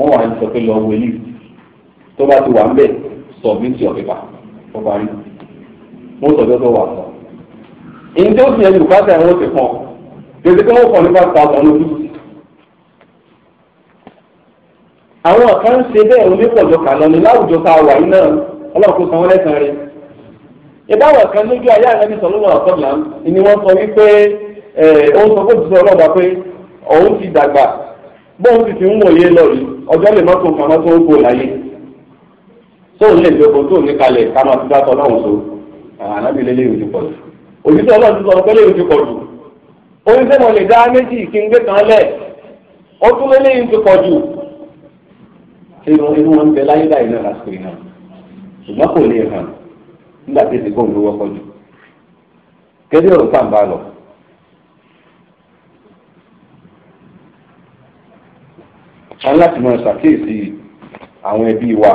A: wọ́n wà ní sọ pé lọ wọlé tó ti wà ń bẹ̀ submit your paper ó parí mo sọ tó wà sọ. èyí tó fi ẹnu pátá ẹ̀wọ̀n ti kàn wọ́n kàn àwọn kan ń ṣe bẹ́ẹ̀ onípọ̀jọ kàná ni láwùjọ tá wà yín náà ọlọ́run sanwó lẹ́sàn-án rẹ̀. ìbáwọ̀ kan lójú ni wọ́n sọ wípé ó sọ bóun sì ti ń wòye lọ yìí ọjọ́ lè má tún kàmá tó ń kó láyé lè jókòó ní kalẹ̀ so ànábì lé léyìn ojúkọ̀ jù òjútọ̀ náà ti sọ̀rọ̀ pé léyìn ojúkọ̀ jù orí sẹ́mọ̀ lè dá méjì kan lẹ̀ ó tún jù inú inú wọn bẹ láyé láyé náà lásìkò yìí náà ṣùgbọ́n kò a láti máa ṣàkíyèsí àwọn ẹbí wa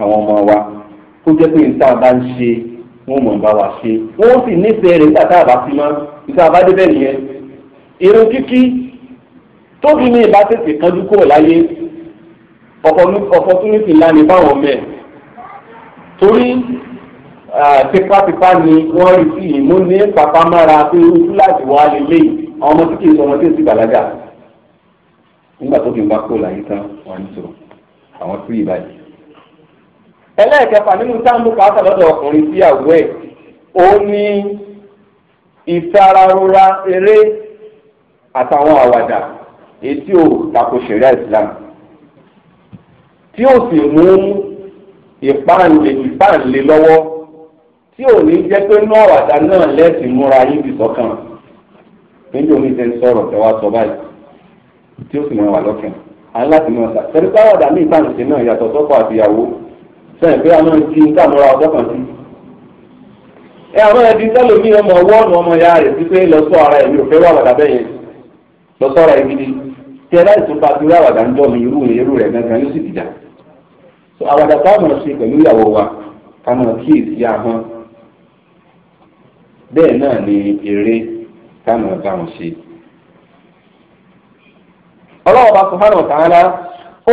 A: àwọn ọmọ wa kó jẹ́ pé níta bá ń ṣe wọ́n mọ̀ bá wa ṣe wọ́n sì nífẹ̀ẹ́ rẹ̀ nígbà tá a mọ́ níta bá débẹ̀ nìyẹn irun kíkí tóbi ní ìbá tètè kanjú kúrò láyé opportunity ńlá ni báwọn mẹ́ẹ̀ torí tipátipá ni wọ́n rí sí ìmúni pàpámára pé ojú láti wá lélẹ́yìn àwọn ọmọ tí kì í sọ ọmọ tí ò sì bàlágà nígbà tó fi ń bá kó láyé tán wọn ń sọ àwọn tó yìí báyìí. ẹlẹ́ẹ̀kẹfà nínú táǹbù káàkà lọ́dọ̀ ọkùnrin sí àwọ̀ ẹ̀ ó ní ìfararora eré àtàwọn àwàdà ètí ò tako ṣẹ̀ríà Islam tí ó sì mú ìpáǹlé ìpáǹlé lọ́wọ́ tí ò ní jẹ́ pé náà àwàdà náà lẹ́sìn múra yín bìsọ́kàn níjọ́ mi ti ń sọ̀rọ̀ tẹ́wàá sọ báyìí tí ó sì mọ wà lọ́kàn à ń láti mọ ọ̀sà tẹ̀lé táwọ̀dà ní ìtàǹtì náà yàtọ̀ sọ́kọ àtìyàwó sẹ́yìn pé àwọn ohun tí ń kà ọjọ́ kan sí. ẹ àwọn ẹbí sẹ́lómi ọmọ ọwọ́ ọ̀nà ọmọ ya rẹ̀ sí pé lọ sọ ara ẹ̀mí ò wà wàdà bẹ́ẹ̀ yẹn lọ sọ ara ẹ̀mí tí ẹ láì tún pa sí wàdà ń jọ mi irú irú rẹ̀ gangan yóò sì dìjà. àwàdà táwọn ṣe pẹ̀lú ìyàwó wa ká máa kíyèsí ahọ́n bẹ́ẹ̀ náà ni eré ká máa bá wọn ṣe. ọlọ́run bá sọ̀hánà o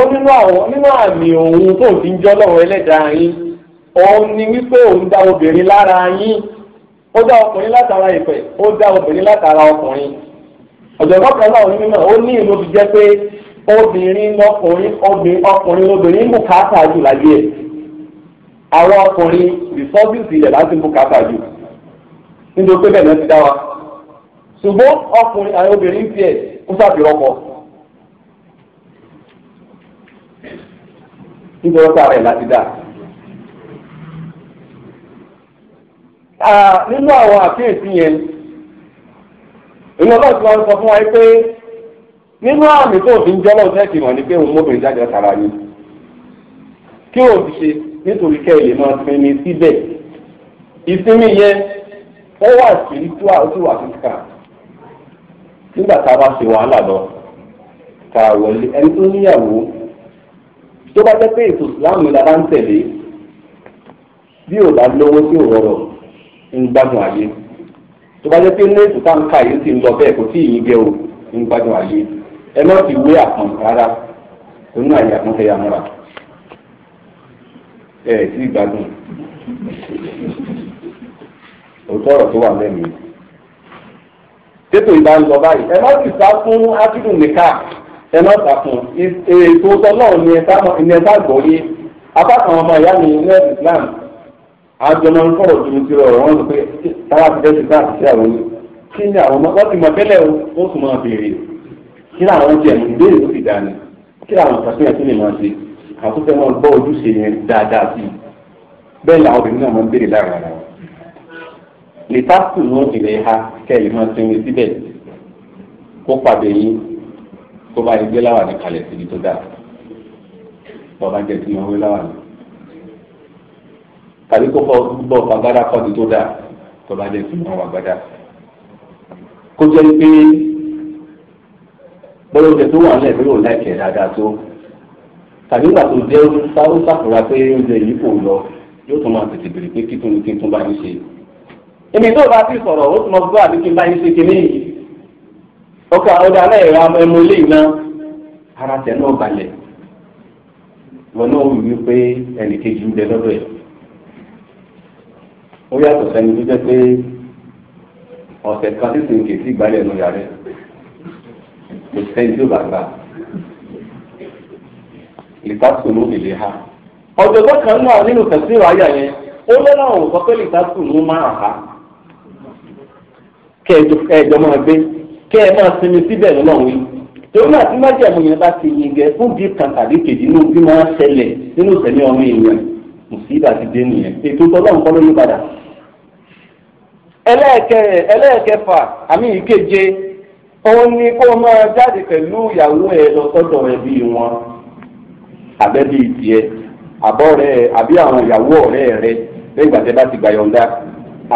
A: ó nínú àmì òun tó ti ń jọ́ lọ́wọ́ ẹlẹ́dàá yín òun ni wípé òun dá obìnrin lára yín ó dá ọkùnrin látara ìfẹ́ ó dá obìnrin látara ọkùnrin ọ̀jọ̀gbọ́n kan náà nínú náà ó ní ìlú fi jẹ́ pé obìnrin lọkùnrin obìnrin ọkùnrin jù láyé ẹ̀ àwọn ọkùnrin rìsọ́bìsì ilẹ̀ láti ti dá wa ṣùgbọ́n ọkùnrin àwọn obìnrin nítorí ọ̀tá rẹ̀ láti dà. nínú àwọn àkíyèsí yẹn èèyàn lọ́sùn máa ń sọ fún wa pé nínú àmì tó fi ń jọ́ lọ́sẹ̀ kì mọ̀ ni pé òun mọ́bìnrin jáde ọ̀tara ni kí o ti ṣe nítorí kẹ́ ẹ lè máa sinmi síbẹ̀ ìsinmi yẹn ó wà sí tó àti wà kíkà nígbà tá a bá ṣe wàhálà lọ tá wọlé ẹni tó níyàwó tó bá jẹ́ pé ètò ìsìláàmù la bá ń tẹ̀lé bí ò bá lówó tí ò rọrọ̀ ń gbádùn ayé tó bá jẹ́ pé ní ètò tá ń ka yìí ti ń lọ bẹ́ẹ̀ kò tí ì yín gẹ́ o ń gbádùn ayé ẹ má fi wé àpọ̀n rárá onú àyè àpọ̀nfẹ́ ya múra ẹ ẹ sì gbádùn òótọ́ ọ̀rọ̀ tó wà lẹ́mìí tètò ìbá ń lọ báyìí ẹ má sì sá fún ákídùn nìkan. ẹ má sàkùn ètò ọlọ́run ni ẹ bá gbọ́ yé ọmọ ìyá mi ní ẹ̀sìn Islam àjọ máa ń ti rọrùn wọn pé táwa ti dẹ́sí bá àti àwọn kí ni àwọn ọmọ ti mọ sì máa béèrè kí ni àwọn ìbéèrè dání kí ni àwọn ìtàkùn lè máa ṣe àtúntẹ̀ wọn gbọ́ ojúṣe yẹn dáadáa sí i bẹ́ẹ̀ obìnrin náà máa ń béèrè lára wọn. ha kẹ́ ẹ̀ lè máa sinmi síbẹ̀ tó bá gbé láwà ní kalẹ̀ síbi tó dáa bàbá jẹ sí ìwé láwà ní. tàbí kó fọ bọ̀ fagbádá kọ́ni tó dáa tó bá jẹ sí ìwé àgbádá. kó jẹ́ pé bọ́lá oúnjẹ tó wà ń lẹ̀ bí òun láìpẹ́ dáadáa tó tàbí ìgbà tó jẹ́ ó sàkóra pé oúnjẹ yìí kò lọ yóò tún máa tètè bèrè pé kí tóun kí n tún bá yín ṣe. èmi tó bá ti sọ̀rọ̀ ó tún mọ gbọ́ àbí kí n bá yín ṣe kinní yìí ọkọ ọdọ alẹ ìwà ẹmu ilé iná ara tẹ náà balẹ̀ wọn náà wù wípé ẹnìkejì ń bẹ lọ́dọ̀ ẹ ó yàtọ̀ sẹ́ni tó jẹ pé ọ̀sẹ̀ kan tètè ń kèsì ìgbálẹ̀ ẹnu yàrá kò sẹ́ni tó bá gbà lìtàkùn ló ha kan náà nínú yẹn ó lọ́nà sọ pé lìtàkùn ló máa hà kẹ́ ẹ máa sinmi síbẹ̀ lọ́wọ́ torí náà tí májèmú yẹn bá ti yin gẹ fún bí kan tàbí kejì inú bí máa ṣẹlẹ̀ nínú ìṣẹ̀lẹ̀ ọmọ ènìyàn mùsíbà ti dé nìyẹn ètò tọ́lọ́run kọ́ ló yí padà. ẹlẹ́ẹ̀kẹ́ ẹlẹ́ẹ̀kẹfà àmì ìkeje òun ni kó máa jáde pẹ̀lú ìyàwó ẹ lọ sọ́dọ̀ ẹbí wọn àbẹ́bí tiẹ̀ àbọ̀ rẹ àbí àwọn ìyàwó ọ̀rẹ́ rẹ lẹ́yìn ìgbà tẹ́ bá ti gbà yọ̀ǹda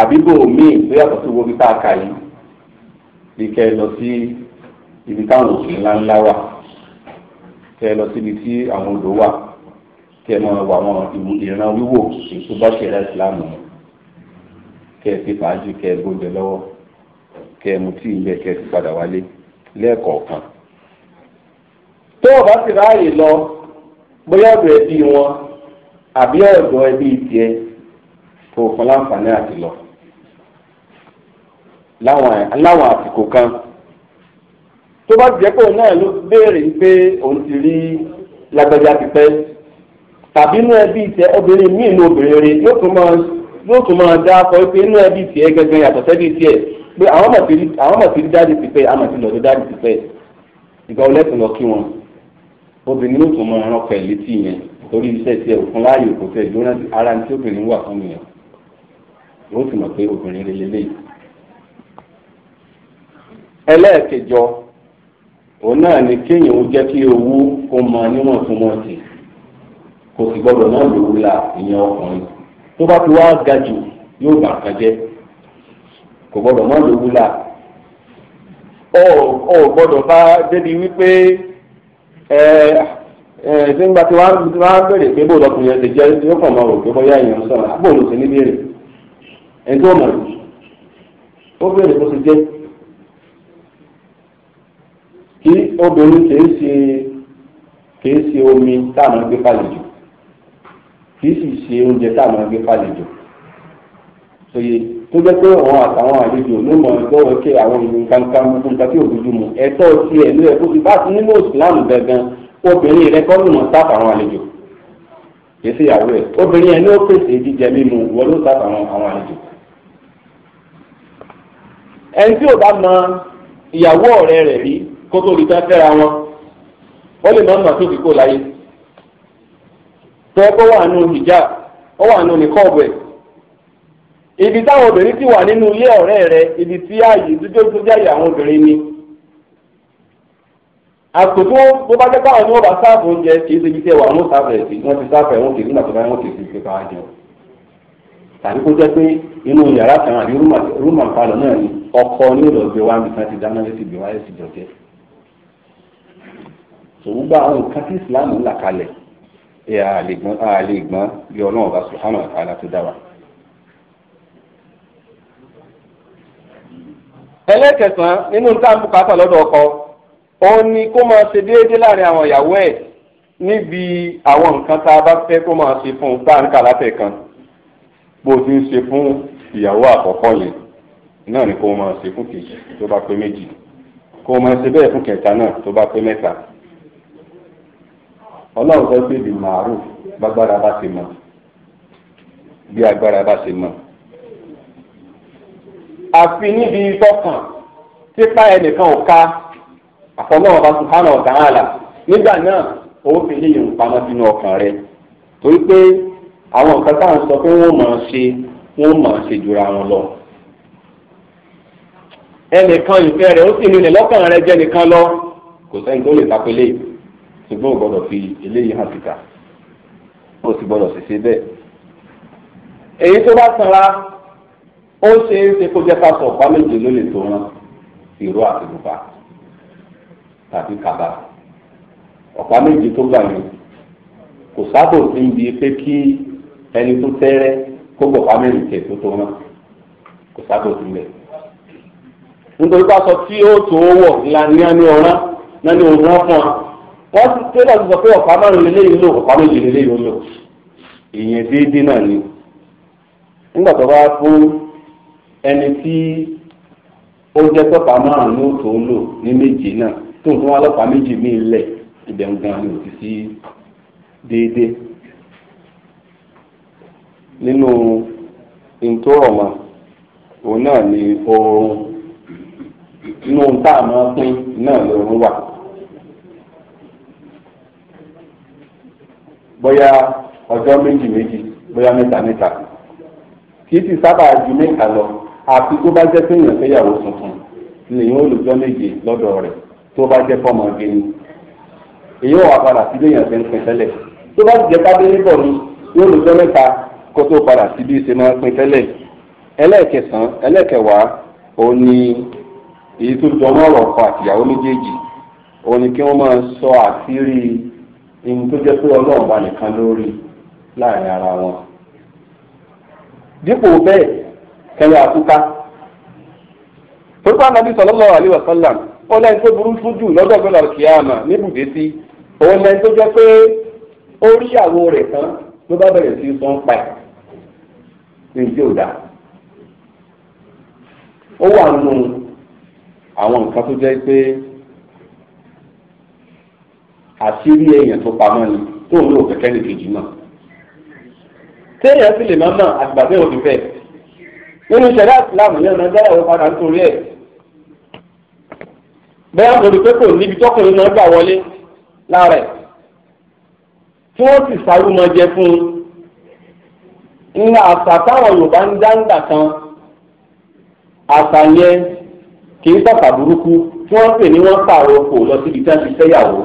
A: àbí bò míì tó yàtọ̀ sí wo bí tá bí kẹ́ ẹ lọ sí ibi táwọn òkè ńláńlá wà kẹ́ ẹ lọ síbi tí àwọn odò wà kẹ́ ẹ máa wà wọn ìran wíwò ètò bá ṣẹlẹ̀ ìsìlámù yẹn kẹ́ ẹ fi fàájì kẹ́ ẹ gbóúnjẹ lọ́wọ́ kẹ́ ẹ mu tíì ń bẹ fi padà wálé lẹ́ẹ̀kọ̀ọ̀kan tó o bá ti ráàyè lọ bóyá ọ̀dọ̀ ẹbí wọn àbí ọ̀dọ̀ ẹbí tiẹ̀ kò fún àti lọ láwọn àsìkò kan tó bá jẹ́ pé òun náà ló béèrè pé òun ti rí lágbájá ti pẹ́ tàbí inú ẹbí tẹ obìnrin míì inú obìnrin rẹ yóò tún máa dá akọ pé inú ẹbí tiẹ gẹ́gẹ́ yàtọ̀ sẹ́bí tiẹ pé àwọn ọmọ ti rí dáàdì ti pẹ́ àmọ̀ ti lọ́dọ̀ dáàdì ti pẹ́ ìgbà ọlẹ́sìn lọ kí wọn obìnrin yóò tún máa rán ọkọ̀ ẹ̀ létí yẹn torí iṣẹ́ tiẹ̀ òfin láàyè òkòtẹ́ ìlú ara tí obìnrin wà fún mi yẹn yóò tún mọ̀ pé obìnrin rẹ lélẹ́yìí ẹlẹ́ẹ̀kẹjọ òun náà ni kéèyàn ó jẹ́ kí owó kó mọ níwọ̀ntúnwọ̀nsì kò sì gbọ́dọ̀ náà lòwú la ìyẹn ọkùnrin tó bá fi wá ga jù yóò bà kan jẹ́ kò gbọ́dọ̀ náà lòwú la ọ ò gbọ́dọ̀ bá débi wípé ẹ ẹ ṣé ń tí wọ́n á bèrè pé bó lọkùnrin yẹn jẹ́ yóò kàn máa rò pé bóyá èèyàn sọ̀rọ̀ àbò òun ti ní bèrè ẹni tó mọ̀ ó bèrè bó ti jẹ́ kí obìnrin kìí ṣe kìí ṣe omi táwọn gbé falẹ̀ jù kìí sì ṣe oúnjẹ táwọn gbé falẹ̀ jù sòye tó jẹ́ pé òun àtàwọn àlejò ló mọ̀ ẹgbẹ́ òkè àwọn ènìyàn kankan gbogbo nǹkan tí òbíjú mu ẹ̀tọ́ ti ẹ̀ ló yẹ kó ti bá ti nínú Islam gangan obìnrin rẹ kọ́ ló mọ̀ sáfà àwọn àlejò kìí ṣe ìyàwó ẹ̀ obìnrin ẹ̀ ló pèsè jíjẹ mímu wọ́n ló sáfà àwọn àlejò ẹni tí ò bá mọ ìyàwó ọ̀rẹ́ rẹ̀ rí kótó olùtọ́ fẹ́ra wọn wọ́n lè má mà tó fi láyé tọ́ kó wà nù hijab ó wà nù ibi táwọn obìnrin ti wà nínú ilé ọ̀rẹ́ rẹ ibi tí ààyè dúdú tó jáyè àwọn obìnrin ni tó bá sáàbù oúnjẹ kì í ṣe ibi tí ẹ wà sáàbù wọ́n ti sáàbù kì í nígbà tó ọkọ ní sòwúgbà àwọn nǹkan tí islam ń là kalẹ̀ ẹ àlègbọ́n àlègbọ́n bí ọlọ́run ọba subhanahu wa ta'ala tó dá wa. ẹlẹ́kẹsàn-án nínú nǹkan àbúkátà lọ́dọ̀ ọkọ òun ni kó máa ṣe déédéé láàrin àwọn ìyàwó ẹ̀ níbi àwọn nǹkan tá a bá fẹ́ kó máa ṣe fún un tá ń kà látẹ̀ bó ti ń ṣe fún ìyàwó àkọ́kọ́ yẹn náà ni kó máa ṣe fún kejì tó bá pé méjì kó máa ṣe bẹ́ẹ̀ fún kẹta náà tó bá pé mẹ́ta ọlọ́run sọ pé di màrú gbàgbára bá ti mọ bí agbára bá ti mọ. àfi níbi tọkàn tipa ẹnìkan ò ká àfọlọ́wọ́ bá subhanahu wa ta'ala nígbà náà ó fi ní ìrùn pamọ́ sínú ọkàn rẹ torí pé àwọn nǹkan tá à ń sọ pé wọ́n máa ṣe wọ́n máa ṣe jura wọn lọ. ẹnìkan ìfẹ́ rẹ̀ ó sì nílẹ̀ lọ́kàn rẹ jẹ́ nìkan lọ kò sẹ́ni tó lè tapélé yìí ṣùgbọ́n ò gbọ́dọ̀ fi eléyìí hàn síta ó sì gbọ́dọ̀ ṣèṣe bẹ́ẹ̀. èyí tó bá sanra ó ṣe é ṣe kó jẹ́ ká sọ ọ̀pá méje ló lè tó wọn ìró àti bùbá tàbí kaba ọ̀pá méje tó gbà yẹn kò sábò sí ibi pé kí ẹni tó tẹ́rẹ́ kó gbọ̀pá mẹ́rin tẹ̀ tó tó wọn kò sábò sí ibẹ̀ nítorí pé tí ó tó wọ̀ ńlá ní ọ̀rán náà ni òun wọ́n fún wa. wọ́n tí ó náà sọ pé ọ̀pá márùn lélẹ́ yìí ló ọ̀pá méjì ló ìyẹn náà ni nígbà tó bá fún ẹni tí ó jẹ́ pọ̀pá márùn ní òtò ń lò ní méjì náà tó ń fún méjì míì ń gan ni ò ti sí déédéé bóyá ọjọ́ méjì méjì bóyá mẹ́ta mẹ́ta kì í sì sábà ju mẹ́ta lọ àfi tó bá jẹ́ péyàn fẹ́yàwó tuntun lèyìn olùjọ́ méje lọ́dọ̀ rẹ̀ tó bá jẹ́ fọmọ gẹ́ni èyí wà padà sí léyìn ọ̀sẹ̀ ń pin tẹ́lẹ̀ tó bá jẹ́ ká délé bọ̀ ni yóò lọ́jọ́ mẹ́ta kó tó padà sí bí ṣe máa ń pin tẹ́lẹ̀ ẹlẹ́ẹ̀kẹsàn ẹlẹ́ẹ̀kẹwàá òun èyí tó jọmọ́ ọ̀rọ̀ ọkọ àtìyàwó méjèèjì òun kí wọ́n máa sọ àṣírí ihun tó jẹ́ pé ọlọ́run wà nìkan lórí láàrin ara wọn. dípò bẹ́ẹ̀ kẹyà àtúká torípa nàbí sallallahu alaihi wasallam ó lẹ́yìn tó burú fún jù lọ́dọ̀ gbọ́dọ̀ kíáàmà níbùdé sí òun lẹ́yìn tó jẹ́ pé ó rí ìyàwó rẹ̀ tán ló bá bẹ̀rẹ̀ sí sọ pa ẹ̀ ní ó wà nù àwọn nǹkan tó jẹ́ pé. àṣírí èèyàn tó pamọ́ ni tó ń lò kẹ̀kẹ́ nìkejì náà. téèyàn sì lè máa mọ̀ àgbà bẹ́ẹ̀ òbí fẹ́ nínú ìṣẹ̀dá ìsìlámù yẹn náà dára ìwé padà nítorí ẹ̀. bẹ́ẹ̀ mo rí pé kò níbi tọkùnrin náà gbà wọlé lára ẹ̀ tí wọ́n sì sárúmọ jẹ fún un ńlá àṣà táwọn Yorùbá ń dá ńgbà kan àṣà yẹn kì í sàkà burúkú tí wọ́n pè ní wọ́n pààrọ̀ kò lọ síbi tí wọ́n ti fẹ́yàwó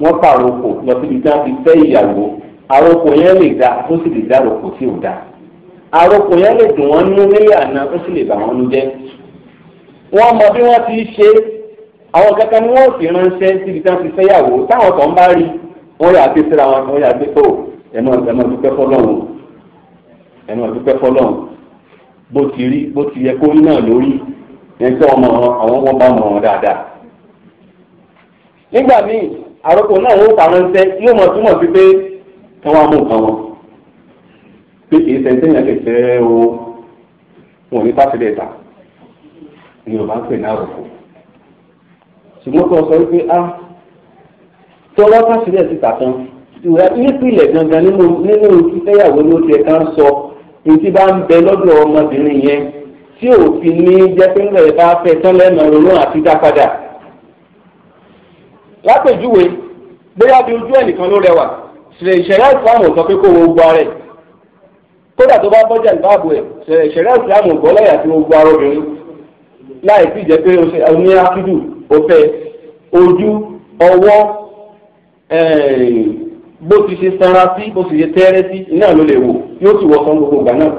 A: wọ́n pàrokò lọ síbi tí wọ́n ti fẹ́ ìyàwó àrokò yẹn lè da ó sì lè dá àrokò tí ò da àrokò yẹn lè dùn wọ́n nú nílé àná ó sì lè bà wọ́n nú jẹ́ wọ́n mọ bí wọ́n ti ṣe àwọn kankan ni wọ́n fi ránṣẹ́ síbi tí wọ́n ti fẹ́ ìyàwó táwọn kan bá rí wọ́n yà á gbé síra wọn wọ́n yà á gbé tó ẹ̀mọ́ ẹ̀mọ́ dúpẹ́ fọlọ́run ẹ̀mọ́ dúpẹ́ fọlọ́run bó ti rí bó ti yẹ kó rí náà lórí ẹ̀ńtọ́ ọmọ àwọn wọn bá mọ̀ wọn dáadáa nígbà míì àròpọ̀ náà wọ́n kà wọ́n sẹ́ yóò mọ̀ túmọ̀ sí pé kí wọ́n á mú nǹkan wọn pé kì í ṣe ẹni yẹn o wọn ò ní pàṣẹ ta ni Yorùbá ń pè ní àròpọ̀ ṣùgbọ́n kí wọ́n sọ wípé a ah, tọ́lá pàṣẹ síta kan ìwà nípìnlẹ̀ gangan nínú nínú ìfẹ́yàwó ló tiẹ̀ ká ń sọ èyí bá ń bẹ lọ́dọ̀ ọmọbìnrin yẹn tí òfin ní jẹ́ pé ńlẹ̀ bá fẹ́ tán lẹ́nu ọ̀rọ̀ náà àti dá padà lápèjúwe bóyá bí ojú ẹnìkan ló rẹwà ìṣẹ̀rẹ́ ìsìlámù sọ pé kó wo gbọ́ rẹ̀ kódà tó bá bọ́jà ìbáàbò ẹ̀ ìṣẹ̀rẹ́ ìsìlámù gbọ́ lẹ́yà tí ó gbọ́ ara obìnrin láì sí jẹ́ pé oní akídù òfẹ́ ojú ọwọ́ bó ti ṣe sanra sí bó ti ṣe tẹ́rẹ́ sí iná ló lè wò yóò sì wọ sán gbogbo ìgbà náà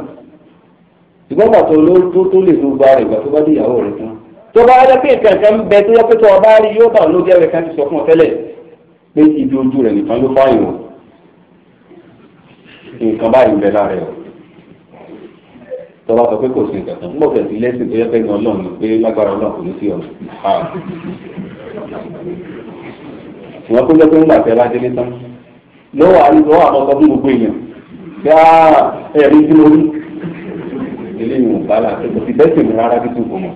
A: ṣùgbọ́n pàtó ló tó lè gbogbo ara ìgbà tó bá dé ìyàwó rẹ̀ tán tó bá wáyé pé nǹkan kan bẹ tó yẹ pé tó ọba rí yóò bá ọ lójú ẹ̀rẹ̀ kan ti sọ fún ọ tẹ́lẹ̀ pé ibi ojú rẹ̀ nìkan ló fáyìn o nǹkan báyìí bẹ lára ẹ̀ o tọ́ba sọ pé kò sí nǹkan kan mọ̀ fẹ̀sí lẹ́sìn tó yẹ pé gan ọlọ́run pé lágbára ọlọ́run kò ní sí ọ̀nà ìwọ́n tó jẹ́ pé ńgbà tẹ́ bá délé tán lọ́wọ́ lọ́wọ́ àkọ́kọ́ fún gbogbo èèyàn bí a ẹ̀rí sí lórí eléyìí ò bá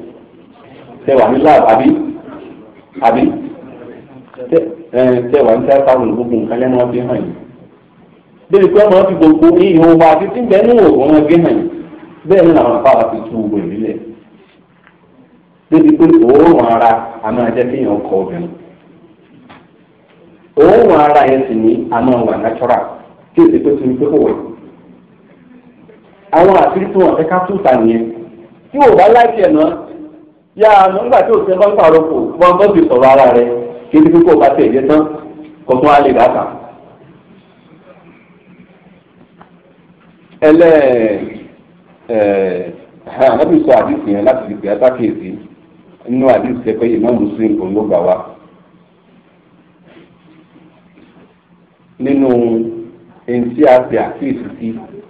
A: tẹ wà ní lab àbí àbí tẹ wà ní tẹ fáwọn olùgbogbo nǹkan lẹ́nu wọn fi hàn yìí débi pé ọmọ fi gbogbo ìhò wa àti tí ń bẹ nínú òògùn wọn gé hàn yìí bẹ́ẹ̀ ni làwọn afárá ti tú gbogbo ìbílẹ̀ débi pé òórùn ara a máa jẹ́ kéèyàn kọ obìnrin òórùn ara yẹn sì ní a máa wà natural kí èsì pé tún kò wẹ̀ àwọn àfihàn tí wọn tún ta nìyẹn tí ò bá láìpẹ́ náà. yá àánú nígbà tí òṣìṣẹ́ bá ń pàrọ̀ kò bọ́ sí sọ̀rọ̀ ara rẹ kí ní kíkó bá tẹ̀ ẹ̀jẹ̀ tán kò tún á lè dà kà. ẹlẹ́ ẹ̀ àbí sọ àdìsí yẹn láti fi pè á sákèésí nínú àdìsí pẹ́pẹ́ yìí náà Muslim kò ló gbà wá. nínú àkíyèsí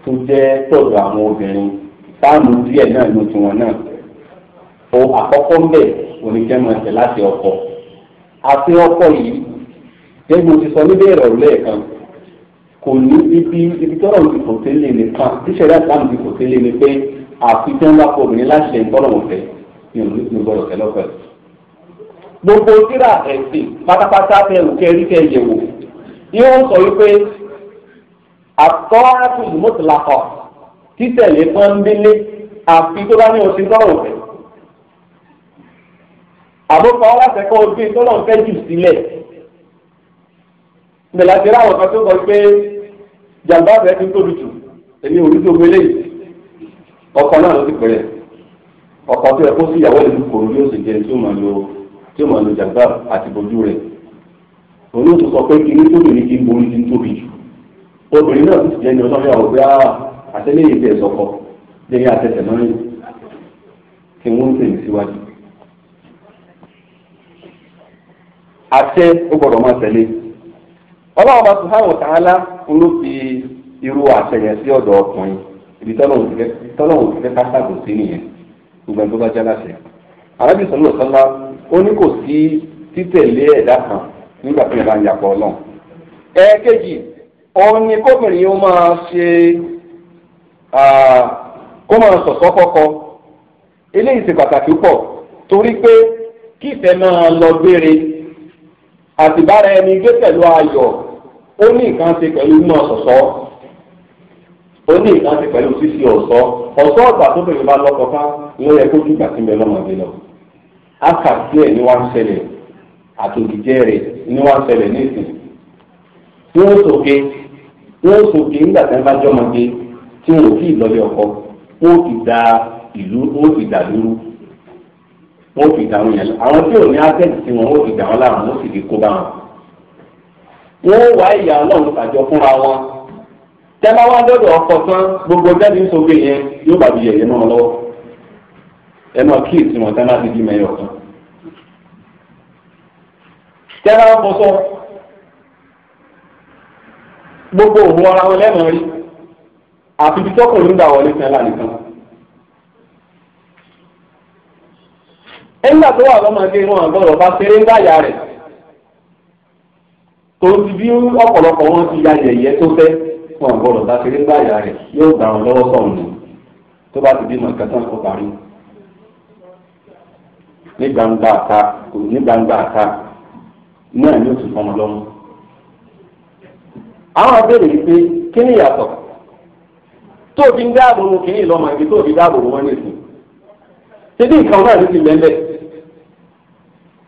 A: tó jẹ́ tọ̀dọ̀ àwọn obìnrin táàmù díẹ̀ náà ló náà. o àkọ́kọ́ ń bẹ̀ oníkẹ́mọ̀ ẹ̀sẹ̀ láti ọkọ àti ọkọ yìí gẹ́gbẹ́ ti sọ níbẹ̀ ìrọ̀rùn lẹ́ẹ̀kan kò ní ibi ibi tọ́rọ̀ ti kò tẹ́lẹ̀ nìkan tíṣẹ̀rẹ́ àtàwọn ti kò tẹ́lẹ̀ ni pé àfi tí wọ́n bá kọ obìnrin láti lè gbọ́dọ̀ wọn fẹ́ ni òun ní gbọ́dọ̀ fẹ́ gbogbo tíra ẹ̀sìn pátápátá fẹ́ kẹrí kẹ́ yẹ̀wò yóò sọ wípé àtọ́wá tó ìmọ̀tìlákọ̀ títẹ̀lé pọ́ńbélé àfi bá ní oṣù tọ́rọ̀ fẹ́ àbúkọ aláṣẹkọ ojú ìtọ́nà fẹ́ jù sílẹ̀ ìbẹ̀lẹ̀ àti ráwọ̀ kan tó kọ pé jàǹbá bẹ̀rẹ̀ ti ń tóbi jù èmi ò rí tó gbélé ọkọ náà ló ti pẹ̀lẹ̀ ọkọ tó yẹ kó sí ìyàwó ìlú kòrò yóò sì jẹ tí ó máa lo tí ó máa lo jàǹbá àti bojú rẹ̀ òun yóò sọ pé kí ní tóbi ní kí n borí ti ń tóbi jù obìnrin náà ah, ti jẹ́ ní ọlọ́run àwọn pé àtẹ́lẹ́yìn tẹ̀ sọkọ lẹ́yìn àtẹ̀tẹ̀ náà kí wọ́n ń tẹ̀lé síwájú. a se gbọ́dọ̀ máa tẹ̀lé ọlọ́run bá subhanahu wa ta'ala ń ló fi irú yẹn sí ọ̀dọ̀ ọkùnrin ibi tọ́lọ́run ti fẹ́ ká sí nìyẹn gbogbo arábì ó ní kan nígbà tí ó máa ṣe kó máa sọ̀sọ́ kọ́kọ́ eléyìí ṣe pàtàkì pọ̀ torí pé àtibára ẹni gbé pẹ̀lú ayọ̀ ó ní nǹkan ṣe pẹ̀lú iná ó ní nǹkan ṣe pẹ̀lú ṣíṣe ọ̀gbà tó bẹ̀rẹ̀ bá lọ́kọ̀ ká ló yẹ kó ni wọ́n ń ṣẹlẹ̀ àtòkìjẹ́ rẹ̀ ni wọ́n ń ṣẹlẹ̀ nísìn. wọ́n sòkè wọ́n sòkè nígbà tí ọkọ wọ́n ò wọ́n fi dà wọ́n àwọn tí ò ní asẹ́ǹtì tí wọ́n fi dà wọ́n láwọn sì fi kó bá wọn. wọ́n wá ìyá ọlọ́run tàjọ fúnra wọn tẹ́lá wá dọ́dọ̀ ọkọ̀ tán gbogbo jáde ń yóò bá náà lọ́wọ́ ti di mẹ́yọ̀ gbogbo òun lẹ́nu rí àfi nígbà tó wà lọ́mọdé wọn àgbọ̀rọ̀ bá ṣeré ń báyà rẹ̀ tó ti bí ọ̀pọ̀lọpọ̀ wọn ti ya yẹ̀yẹ́ tó fẹ́ wọn àgbọ̀rọ̀ bá ṣeré ń báyà rẹ̀ yóò gbà wọn lọ́wọ́ sọ̀rọ̀ tó bá ti bímọ nǹkan tán kó parí ní gbangba àká ní gbangba àká náà ni ó ti fọmọ lọ́mọ. àwọn abẹ́rẹ́ yìí pé kí ni ìyàtọ̀ tó fi ń dáàbò wọn kì í lọ́mọ ibi tó fi dáàbò wọn nìsín. ṣé bí nǹkan náà ló ti lẹ́lẹ̀